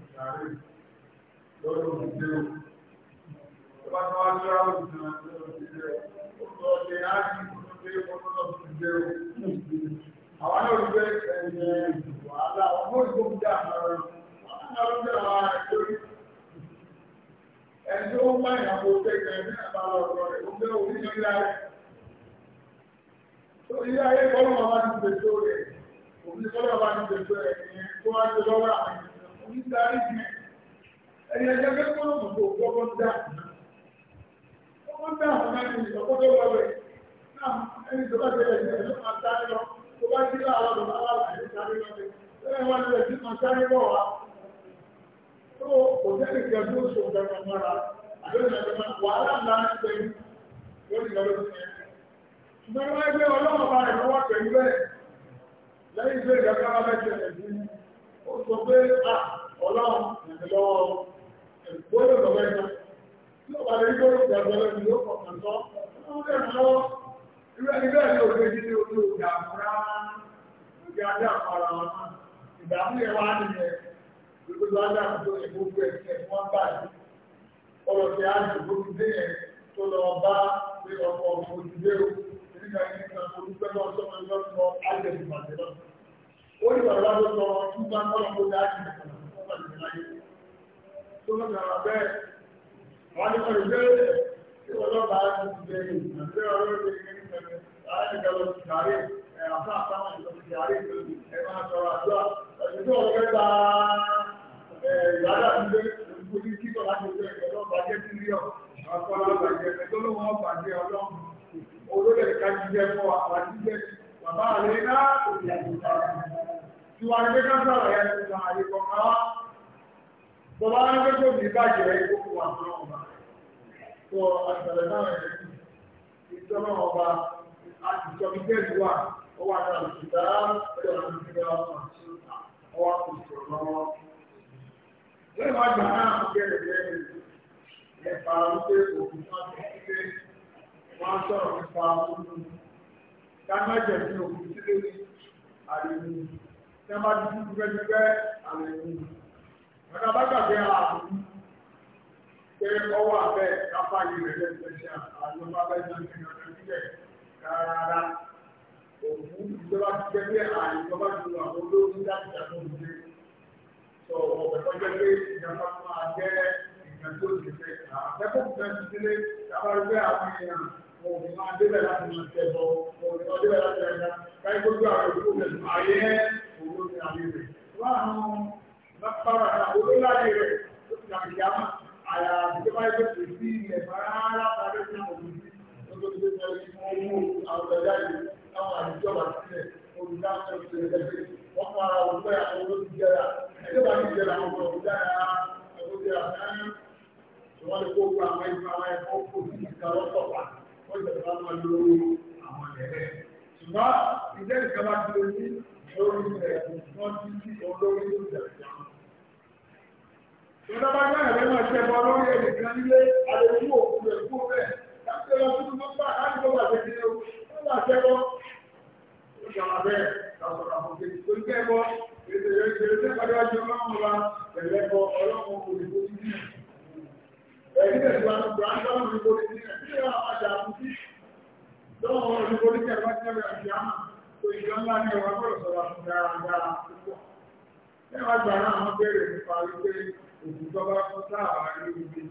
A: sàárè lọ́dọ̀ òṣèlú tó wá tó ráwọ̀ ìsìn àti òṣèlú ó sọ ọdẹ tó dé ọlọ́dọ̀ òṣèlú àwọn náà tó ń tó wá ti ní sáré jù ẹni ẹjẹ pé kó ló mọ̀ kó gbọ́ dá wọ́n dá àwọn ẹni ìṣọ̀kọ́tọ̀ wọlé náà ẹni tó bá tẹ̀lé ẹ̀jẹ̀ ló máa sáré lọ tó bá sí láàárọ̀ lọ́wọ́ aláàbẹ̀ sáré lọ́wọ́ lẹ́yìn wọn lè ti máa é lórí ìlọ́lọ́ ṣùgbọ́n wọ́n ẹgbẹ́ ọlọ́mọba rẹ̀ pẹ̀lú bẹ́ẹ̀ lẹ́yìn tó ìjọba bá bẹ́ẹ̀ ó sọ pé à ọlọ́run ìrìnlọ́wọ́ ìgbóyè lọ́wọ́ tí ó bá lè gbóyè ìgbàgbọ́ lẹ́nu yóò kọ̀ kàn sọ ó ń rẹ̀ lọ́wọ́ irú ọrụ bẹ́ẹ̀ ọrụ òde ọrụ ni ọrụ òde àmúra ọrụ adé a ó ní bàbá tó sọ tún bá mọ́ ọ̀pọ̀ dájú ọ̀pọ̀ ìgbàláyé tó lọ́nà àwọn abẹ́ wọn ní kọ́ ìgbé tí wọ́n lọ́ba ti gbé àti ọ̀rọ̀ ìgbé ní pẹ̀lú àárín ìgbàlọ́ ti sàárè àfa àfáwọn ìgbà ti sàárè ẹ máa sọ̀rọ̀ àdúrà ìgbà ọ̀rẹ́ gba ìyára ìgbé ìgbóni kíkọ̀ láti gbé ìgbàlọ́ bàjẹ́ sílíọ̀ àkọlà bàjẹ́ ẹgbẹ́lọ́wọ́
B: tí wọ́n gbé kásáàrọ̀ yẹn
A: ti san àyè kọ̀ọ̀kan wá. Tó bá ń gbé tóbi ìbàjẹ́ ìkókò wà fún ọ̀gbà. Tó àtàlẹ́ náà yẹn ti ìjọ náà ọba àtijọ́ mi bẹ́ẹ̀ wà ó wà náà ìgbà ọjọ́ náà ti gbé ọmọ àti ọwọ́ kò sọ̀rọ̀ lọ́wọ́.
B: Lẹ́yìn wá gbà náà ń
A: gbé ẹ̀rẹ̀ ẹ̀ pa wípé òkun náà ti wípé wọ́n á sọ̀rọ̀ nípa olú. Ká má jẹ̀ sí òkun sílé àríwú tí a bá ti dúdú gbẹgbẹgbẹ àlẹ ní
B: ọ̀dà bá gbàgbé ààbò
A: pé ọwọ́ abẹ́ kápá yìí rẹ̀ lẹ́sẹ̀ ṣe àlọ́ bá bẹ́ẹ̀ náà ní ọ̀dà níbẹ̀ rárá òkú ìjọba ti jẹ́ pé ààyè ìjọba ti lo àwọn olóòtú láti dàgbà òde sọ ọ̀pẹ̀ tó jẹ́ pé ìjọba máa jẹ́ ìgbà tó ti fẹ́ àtẹ́kọ̀ọ́ mo ní máa débẹ̀ láti máa tẹ̀bọ̀ mo ní máa débẹ̀ láti ẹ̀yà káyé gbogbo àwọn òkú rẹ̀ ayé òwò ní àlè rẹ̀ wọ́n àwọn lápára olóláyè rẹ̀ ó ti àmì yàmà àyà àdìgbà ẹgbẹ́ tó sí ilẹ̀ rárá parí ní àwọn òbí lọ́jọ́ tó tẹ̀ wọ́n mú àwọn ọ̀gá yìí táwọn àdìjọ wà sílẹ̀ olùdámọ̀ tó tẹ̀ lẹ́gbẹ̀ẹ́ wọ́n fara òwúrọ̀ àwọn olóṣìjẹ́ra ẹgbẹ́ bá ti jẹ́ra àwọn ọ̀gá yà ó lè bá wọn lórí àwọn ẹ̀rẹ́. ṣùgbọ́n ilé ìjọba ti lè ní lórí rẹ̀ wọ́n ti sí olórí ìjọba.
B: ìjọba náà rẹ̀ máa ṣe bọ́ lórí ẹnìkan
A: nílé àlejò òkú rẹ̀ kú bẹ́ẹ̀ láti lọ sí gbogbo bá láti lọ bàjẹ́ kí ni ó wà ṣẹ́kọ́. ó ṣàmà bẹ́ẹ̀ lọ́sọ̀rọ̀ àbòkè tó ń kẹ́kọ̀ọ́ ètò ìrẹsì ìrẹsì ìpàdé àjọ ọlọ́run wa pẹ̀lẹ́kọ̀ ọlọ́run òdìbò
B: ẹ̀yìn ẹ̀dùn àwọn ìgbàlódé
A: ọ̀rọ̀ ìgbòrí ní ẹ̀sìn àwọn àjà àbúkí lọ́wọ́ ọ̀rọ̀ ìgbòrí kẹfà kẹfà àti àmà tó ìjọ ńlá ní ọ̀rọ̀ ọ̀rọ̀ sọ̀rọ̀ fún dáadáa púpọ̀. Ẹ̀wọ̀n gbà náà wọ́n béèrè nípa wípé òkú tó bá fún sáà rí ibi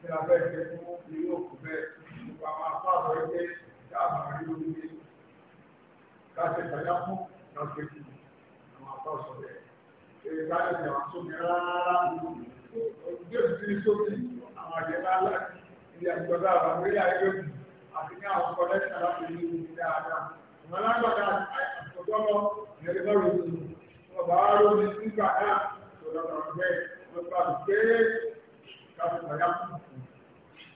A: ní abẹ́ ẹ̀jẹ̀ fún irú òkú bẹ́ẹ̀ nípa máa fáwọn ẹgbẹ́ sáà rí ibi káṣẹ tàyà fún káṣẹ tì àwọn àtọ́sọ̀ bẹ́ẹ̀. Èrè bá yẹ ọ̀jẹ̀ bá láti ilé àjọba àbámúrílẹ̀ ayélujára àti ní àwọn kọ́lẹ́ṣà láti ní ìlú dáadáa. Ìmọ̀ alágbàdá àtọ̀gbọ́mọ ìrẹ́lẹ́ bá ròyìn ọba wa lórí nígbà náà tó lọ́nà ọ̀gbẹ́ lọ́pàá àgbẹ̀ káfíńtà yàtọ̀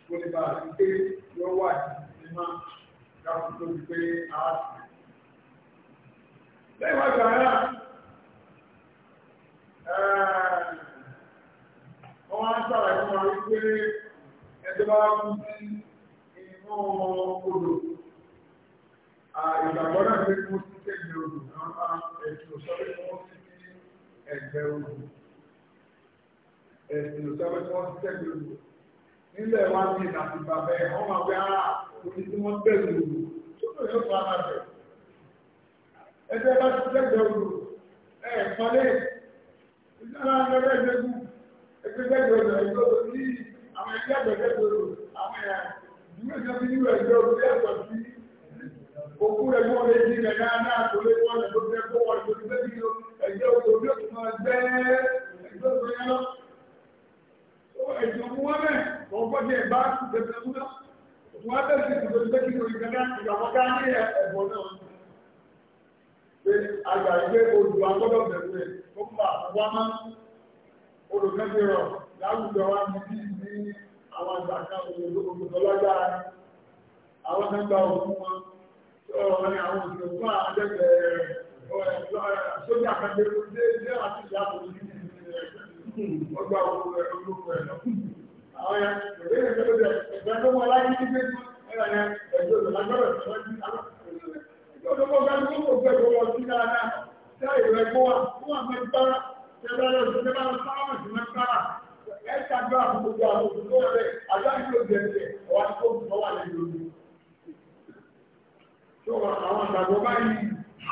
A: kó lè bá àti pé yóò wà ní Lẹ́yìn wá gbà náà, wọ́n wá sọ̀rọ̀ fún wa wípé ẹjọ́ bá kú sí inú odò. Ìgbàgbọ́ náà ti kú sí ẹgbẹ́ odò náà ẹ̀sìn tí wọ́n ti sí ẹgbẹ́ odò. Ẹ̀sìn tí wọ́n ti sí ẹgbẹ́ odò. Nílẹ̀ ní wọ́n máa gbé ara ah, tí wọ́n odò tó yóò ẹgbẹ́ gbẹ̀gbẹ̀ ẹgbẹ́ orí àwọn ẹgbẹ́ gbẹ̀gbẹ̀ orí àwọn ẹ̀yà ìlú ìjọba nínú ẹgbẹ́ orí ẹ̀kọ́ sí òkú rẹ̀ wọ́n lè jí rẹ̀ dáadáa tó lé wọ́n lè tó fẹ́ kó wọ́n lè tó fẹ́ kí ẹgbẹ́ orí òkú máa gbẹ́ ẹgbẹ́ orí yẹn lọ. ẹ̀sùn mú wọn bẹ́ẹ̀ wọ́n gbọ́dọ̀ ẹ̀ bá gbẹ̀gbẹ̀ mú náà wọ́n bẹ̀rẹ̀ sí ìdìbò tó fẹ́ kí orí kan náà ìgbàwọ́ ká ní ẹ̀bọ̀ náà. àgbà ìgbé olùwàgbọ́dọ̀ bẹ̀rù rẹ̀ ó fà wọ́n máa olùkẹ́bìrọ̀ láwùjọ wa ní bí ní àwọn àgbàkan olùdọ́lọ́gbà àwọn ẹgbà òkú wọn ọ̀rọ̀ ni àwọn òṣèlú àjẹ́gbẹ̀ sójà kẹgbẹ́ lóde ilé àti ìyàbò ní ẹ̀ tẹ́lẹ̀ lọ́dún tẹ́lẹ̀ lọ́dún sáwọn ìdílé sára ẹ̀ ṣàgbé àbúkù bí àbúkù tó rẹ̀ àdáyé òbí ẹ̀jẹ̀ ọ̀wá tó kù lọ́wọ́ àlẹ́ lórí. tó àwọn àgbàgbọ́ báyìí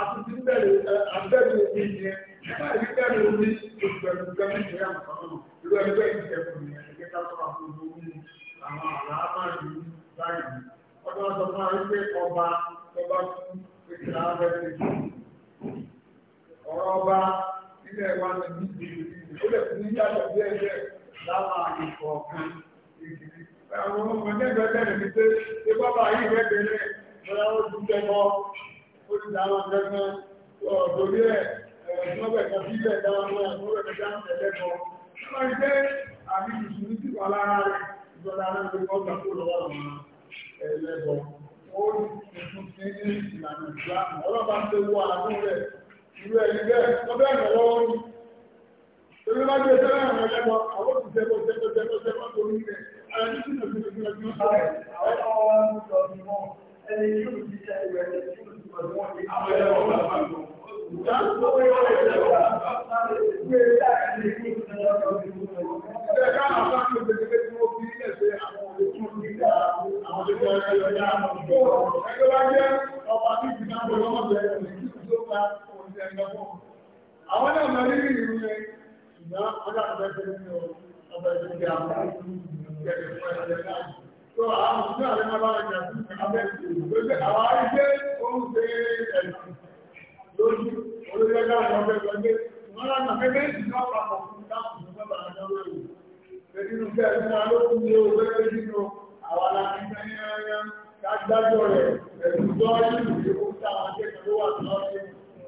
A: àtúntí bẹ̀rẹ̀ àbẹ̀rẹ̀ omi yẹn nígbà yìí bẹ̀rẹ̀ omi ìgbẹ̀rù gẹ́gẹ́ bí ìyá nǹkan náà ìlú ẹgbẹ́ ìjẹ̀kùn yẹn ẹgbẹ́ ká sọ̀rọ̀ àkókò omi àwọn àlàáfààní báyìí ọdún ọdún máa ń gbé ọba ọba fún ìgbà abẹ́rẹ́ ọ̀rọ̀ ọba ìpínlẹ̀ wa lọ ní ìdílé ó lè fún yíyàtọ̀ bí ẹgbẹ́ láwọn àyíkọ̀ kan ìdílé. àwọn ọmọ ẹgbẹ́ bẹ̀rẹ̀ ní pé ṣé bábà yìí rẹ̀ bẹ̀rẹ̀ lọ́la ó dùn jẹ́kọ́ ó ti dáhùn gẹ́gẹ́ lórí ẹ̀ ẹ̀ẹ́dọ́gbẹ̀ kan sí ilẹ̀ dáhùn náà lórí ẹ̀ dáhùn ẹ̀lẹ́kọ̀ọ́. wọ́n rí pé àbí ìṣúní ti wà lára rẹ̀ ìjọba náà ló kọ́ gbà kúrò lọ́wọ́ àwọn ẹ̀lẹ́kọ̀ọ́. ó ti tún sí ìlànà ìgbà ọlọ́ba irú ẹni bẹ́ẹ̀ wọ́n bẹ́ẹ̀ nà lọ́wọ́ ní torí wọ́n gbé sẹ́lẹ̀ àwọn ẹlẹ́gbọ́ àwọn òkú jẹ́gbọ́ jẹ́gbọ́ jẹ́gbọ́ jẹ́gbọ́ tó ní ilẹ̀ ara ní sínú sínú sínú sínú sínú àwọn ọmọ wa ń sọ ní mọ́ ẹni yóò ti jẹ́ ìwẹ̀ ẹni yóò ti pẹ̀lú wọn ní àwọn ẹlẹ́gbọ́ bàbá lọ. Thank you sí ẹgbẹ́ fún ọ. Àwọn náà lọ rí ìrù rẹ̀ ṣùgbọ́n ọlọ́pàá
B: ti ní ọ ọba ìdíje àwọn ìgbẹ̀rẹ̀ fún
A: ẹgbẹ́ náà. Tó àwọn òṣìṣẹ́ àlẹ́ máa bá wọn jà sí abẹ́ ìgbẹ́ àwọn àrígbé òun ṣe ẹ̀sìn lójú olóyè láwọn ọbẹ̀ lọ́dẹ. Wọ́n láti àfẹ́fẹ́ ìṣúná papọ̀ fún dáàbò fún bàbá àjọwé rẹ̀. Ẹ̀dínú bẹ́ẹ̀ ní máa ló kún ní owó bẹ́ẹ̀ nínú àwọn alákìíkẹ́ yányá ká gbájọ rẹ̀ ẹ̀sùn tó ọdún ìwé ó sáwọn akẹ́kọ̀ọ́ wà lọ́dún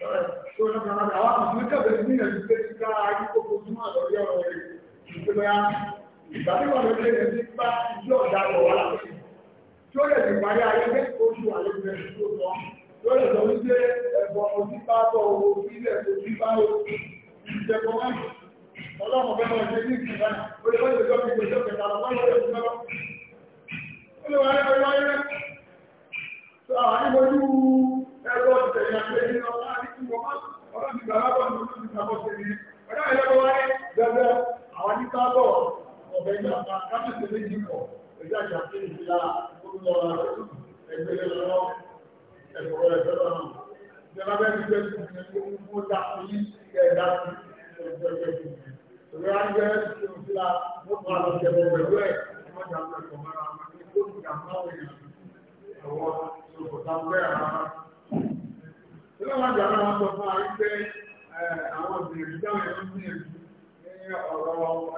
A: tó ń sọ náà àwọn àmì kẹfẹ́ ní ẹ̀jú pé ti ká ayé tó fojú mọ́ lórí ọ̀rọ̀ rẹ̀ ìgbé bóyá ìgbà tí wọ́n lè lè lè ti bá ìjọ ọ̀dà lọ wá láti tí ó lè ti parí ayé pé oṣù àlejò rẹ̀ tó sọ yóò lè sọ wípé ẹ̀bọ̀ ojú bá bọ̀ owó ilẹ̀ ojú bá ó ìjẹ̀bọ̀ wáyé ọlọ́mọ fẹ́ lọ sí ní ìgbà ó lè wáyé lọ́jọ́ kí ìgbésẹ̀ kẹta wáyé lọ́jọ́ lọ́wọ́ ó lè wáyé lọ́jọ́ ẹgbẹ́ ọ̀sẹ̀ yẹn pé ní ọ̀la àdìsí wọn má ọ̀la ti gbà lábọ̀ ní ojú ìgbà bọ̀ sí ni ọ̀la ìlẹ́kọ̀ wáyé gbẹgbẹ́ àwọn ní sábọ̀ ọ̀bẹ ìjàmbá káfíńsì méjì pọ̀ èyí àjà pé ìlà olùlọ́ra ẹgbẹ́ lọ́wọ́ ẹ̀fọ́ ẹgbẹ́ lọ́nà ìjọba bẹ́ẹ̀ ti jẹ́ tuntun ní owó mú dàpọ̀ yìí kẹ́ ẹ̀dá sí
B: ẹgbẹ́ ẹgbẹ́ tuntun ìwé ajẹ́
A: ìṣòfìlà ló pa àlọ́jẹ̀ bọ̀ pẹ̀lú ẹ̀ wọ́n jà pẹ̀lú ọ̀mọ́ra wọn ní kó ìjàmbá wọ̀nyí àwọn ìṣòfò táwọn bẹ́ẹ̀ rárá. táwọn àgbà náà wọ́n sọ fún wa wípé àwọn ìgbìyànjú táwọn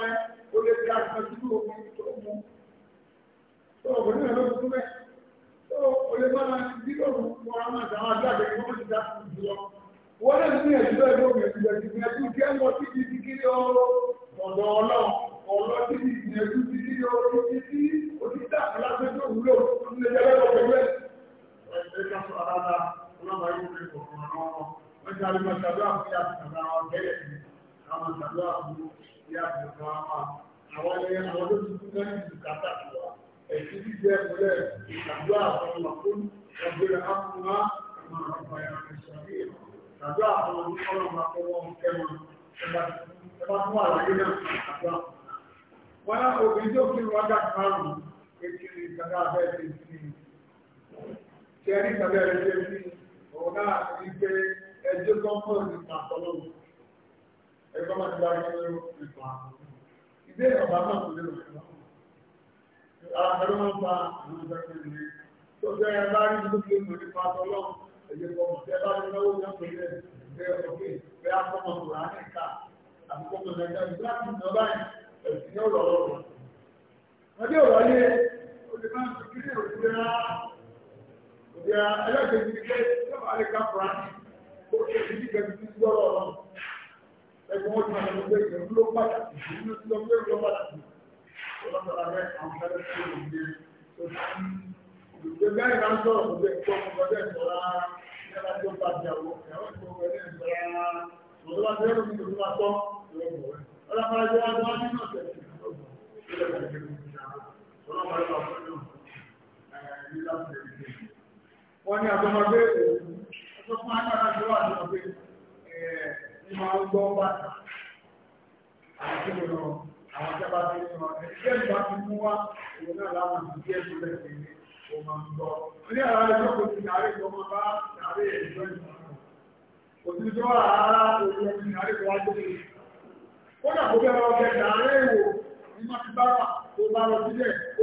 A: náà ó lè fi àṣà sínú ogun tó mú tó ọ̀gbọ̀n náà ló tún bẹ́ẹ̀ tó o lè bá bí lóòrùn wọn á máa dáhùn àjọ àgbẹ̀ kí wọ́n ti dá sí jùlọ wọ́n lè ní ẹ̀jú bẹ́ẹ̀ ló rẹ̀ jù ẹ̀jú ẹ̀jú jẹ́ wọ́n ti di ti kiri ọ̀rọ̀ ọ̀dọ̀ ọlọ́run ọ̀lọ́ ti di ìgbìyànjú ti di ọ̀rọ̀ ti di òtítà lásán tó wúlò ní ẹgbẹ́ lọ́wọ́ pẹ̀lú ẹ̀ ẹgbẹ́ ká sọ àdáda ọlọ́mọ yóò fi kọ̀ọ̀kan náà wọ́n ti àlùmọ̀ ṣàdúrà fún yàtọ̀ àwọn ọ̀gẹ́rẹ̀ àwọn ṣàdúrà fún yàtọ̀ àwọn àwọn ẹni àwọn tó ti kú náà ti kàtà tó wa ẹ̀sìn ti jẹ́ ìpínlẹ̀ ìtàdúrà àwọn màkún ẹgbẹ̀rẹ̀ àkùnmá àmà àbáyà ìṣàlẹ̀ ìtàdúrà àwọn onímọ̀ràn àkọwọ́ kẹwọn ẹ̀bá fún àlàyé náà àdúrà. wọn náà obìnrin tó fi wájà márùn-ún kékeré ìtàdá abẹ́ ti fi ṣe ẹni ìtàdá ẹ̀ ṣe fi òun náà ti gbé ẹjọ́ tó ń pọ̀ nípa àkọlọ́wọ́ ìgbé ọba náà kò lè lọ sí wọn. àgbẹ̀rù máa ń fa àwọn ìgbàgbọ́ ìlú tó jẹ́ ẹ bá rí ìlú tó lè fa tọ́lọ́ ẹ̀yẹ pọ̀ mọ̀ tẹ́ bá rí náwó náà pé ẹ pé ọ̀kẹ́ pé a kọ́ mọ̀ kùrà ní ìka àbúkọ́ mọ̀ nàìjíríà ìgbà tó ń bá ẹ̀sìn ní ọ̀rọ̀ ọ̀rọ̀. wọ́n dé ọ̀rọ̀ yẹ olè máa ń fi kílè òkúta òkúta ẹlẹ́gbẹ̀ẹ́ ẹgbẹ́ wọn tún àwọn ẹgbẹ́ ìgbẹ́ ló pàtàkì jù nínú tí wọ́n lé ló pàtàkì ọlọ́dọ̀ra rẹ àwọn ẹgbẹ́ tí wọ́n lè tó sí olùgbé bẹ́ẹ̀ bá ń sọ̀rọ̀ kò bẹ́ẹ̀ tó kọ́ bẹ́ẹ̀ tó rà nígbà tó bá di àwọ̀ ẹ̀wọ̀n tó bẹ́ẹ̀ tó rà lọ́dọ̀ bá bẹ́ẹ̀ lómi tó bá tọ́ wọ́n ní àtọ́mọdé ọ̀sán fún agbára tó wà ní ọ̀gbẹ́ tí máa gbọ́ bàtà àti ìrọ̀ àwọn jábá tí ń sọ ẹgbẹ́ ìgbà tí mú wá ìwé náà láwọn ìdí ẹ̀sùn rẹ̀ sí ni ó máa ń gbọ́. ní ara ẹjọ́ kò sí àárẹ̀ tó máa bá àárẹ̀ ẹ̀jọ́ ìsọ̀rọ̀ kò sí tó àárá ojú ẹni àárẹ̀ tó wá tó lè. kódà kó bẹ́ẹ̀ lọ bẹ dàárẹ̀ wò ní má ti bá wà tó bá lọ sílẹ̀ kó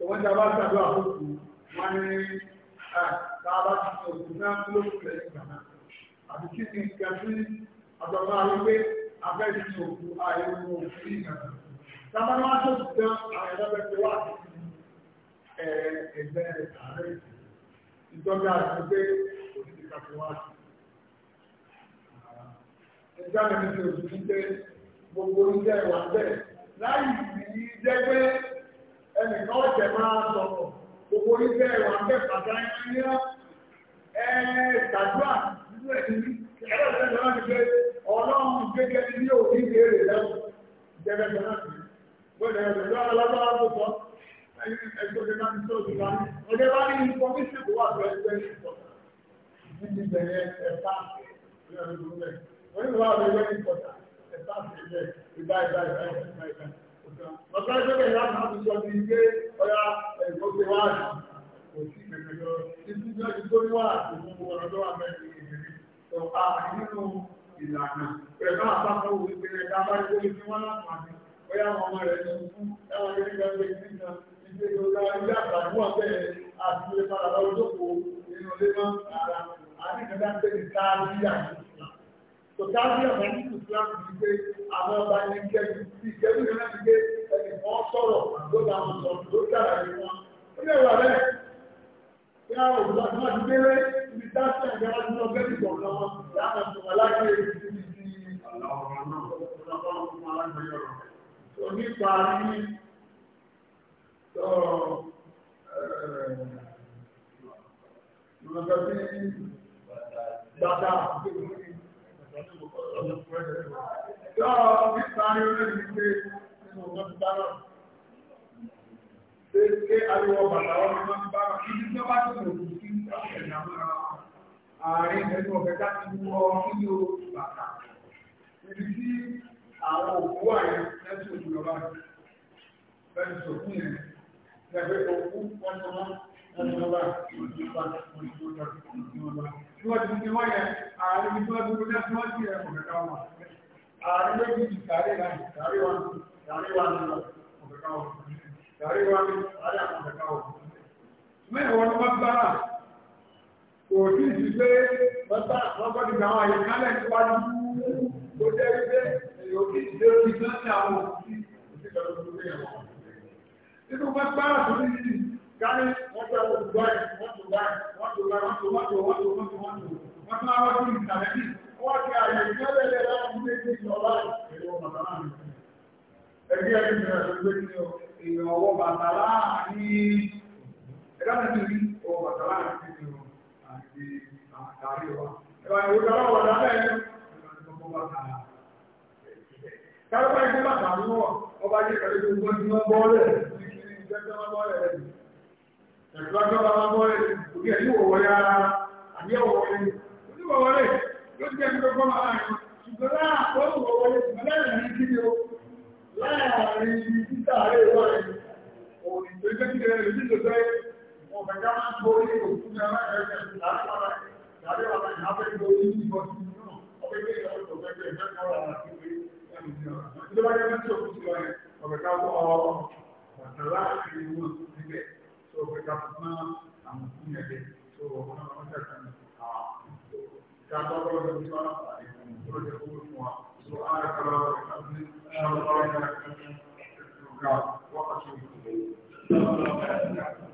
A: wọ́n ti abájú àdó àkókò wọn ní àbá ti sọ òkú náà tó ló kúlẹ̀ nígbà náà àbí kí ni nǹkan tí àgbàgbà rẹ pé abẹ́ ti sọ òkú àyẹ̀wò òkú nígbà náà. sábà wá tó ti dán àwọn ẹ̀rọ bẹ́ẹ̀ ti wá sí ẹgbẹ́ ààrẹ ìjọba àti pé òsì ti kàtó wá sí. ẹgbẹ́ àgbẹ̀ mi ti òsì gbogbo oúnjẹ ìwà bẹ́ẹ̀ láì sí jẹ́gbẹ́ ẹnìkan ọ̀jẹ̀ máa sọ̀rọ̀ gbogbo oníṣẹ́ ẹ̀rọ akẹ́kọ̀ọ́ ní ẹ̀ẹ́dàdúrà nínú ẹ̀yìn ẹ̀rọ ìṣẹ́jọ́ láti pé ọlọ́run gẹ́gẹ́ ní òní ìbéèrè lẹ́wọ̀n ìjẹ́gẹ́jọ́ láti gbọ́dọ̀ ẹ̀rọ alágbára tó sọ ẹ̀yìn ẹ̀jọ́ tó láti tó ti wá ọjọ́ bá ní ìfọ̀míṣẹ̀ tó wà tó ẹgbẹ́ ìfọ̀tà níbi bẹ̀rẹ̀ ẹ̀ta ìrìn àjò rẹ̀ oníwà rẹ̀ ìfọ̀tà ẹ̀ta ìrìn àjò rẹ̀ ìgbà ìgbà ìgbà ìgbà Ọ̀sán ìjọba ìyá kan ti sọ ti gbé ọya ẹ̀kọ́ ti wá àjò. Kò sí ìgbẹ̀gbẹ̀ lọ. Ibi jẹ́ ti tó wá àjò fún ọ̀rọ̀ tó wà bẹ́ẹ̀ ni ìrírí. Sọ a nínú ìlànà. Pẹ̀lú àpapọ̀ òwe pẹ̀lú ẹ̀ka bá ti wọlé fún wọn láǹfààní. Bóyá àwọn ọmọ rẹ̀ lọ fún ẹwọn ilé ìgbà pé ìdí kan. Ìgbé ìgbà ilé àgbàdo ọ̀bẹ àti ilé padà lọ jókòó nínú ilé náà. Àdìgbẹ́dá ń tẹ̀lé káàdì àti ìlànà tòtáàbí ọ̀nà ní islam ti gbé àwọn ọba ní ìjẹ́jú tí ìjẹ́jú ní láti gbé ẹni kan sọ̀rọ̀ ló bá wọn sọ ló dára ní wọn. ó lè wà bẹ́ẹ̀ bí àwọn òbí wọn máa ti gbélé ibi táàbí ẹ̀jẹ̀ wọn ní ọgbẹ́ ìgbọ̀n lọ́wọ́ láwọn ìgbọ̀n alágbèrè ti di ti onípa ní bàtà
B: Yọ́ọ̀ bí sáré olóòrùn ní pé
A: nínú ọmọ ti bá náà. Ṣé ṣé ariwo bàtà wọn ni wọ́n ti bá náà? Ibi tí wọ́n bá ti lò kù sí ọ̀sẹ̀ ìdámọ́ra àárín ẹni ọ̀fẹ́ láti mú ọ nínú bàtà. Ibi tí àwọn òkú wà yẹn lẹ́sùn òkú lọ́ba. Bẹ́ẹ̀ni sọ̀kún yẹn. Ṣẹ̀fẹ̀ òkú wọ́n ti मैं वन मतदान कोशिश से मतदान नौकर गांव आए ना लेकिन बाद को जाए से योगी देव किसान ने आओ इसे करो तो ये तो मतदान सुनिश्चित Guys, want to ẹ̀tọ́jọ́ bá wọn bọ́ọ̀lẹ̀ òbí ẹ̀ yóò wọlé ara àbí ẹ̀ wọlé òbí wọlé ló jẹ́ kí gbogbo máa rìn ṣùgbọ́n láà ó ń wọ wọlé ṣùgbọ́n láàrin ní kíni o láàrin ní títà rẹ̀ wọ́ rẹ̀ òun ìgbé kékeré rẹ̀ ní tòtọ́ ẹ̀ wọn bẹ̀ ká máa ń borí òkú ní ara ẹ̀ ẹ̀ láti wà láì láti wà láì láti borí ìbọn sí inú ọ̀pẹ̀ kí ìyàwó tó fẹ́ bẹ̀rẹ̀ mẹ́ta wà tó o ká fún mọ́ àwọn fún ẹ̀jẹ̀ tó o wọn náà wọ́n tẹ̀sán
B: ká tọ́kọ́ lọ sí wọn àti ìgbòho jẹ́
A: kó fún wa tó a rẹ̀ kọ́
B: lọ́wọ́ ìtàkùn ṣàlùkọ́ ìtàkùn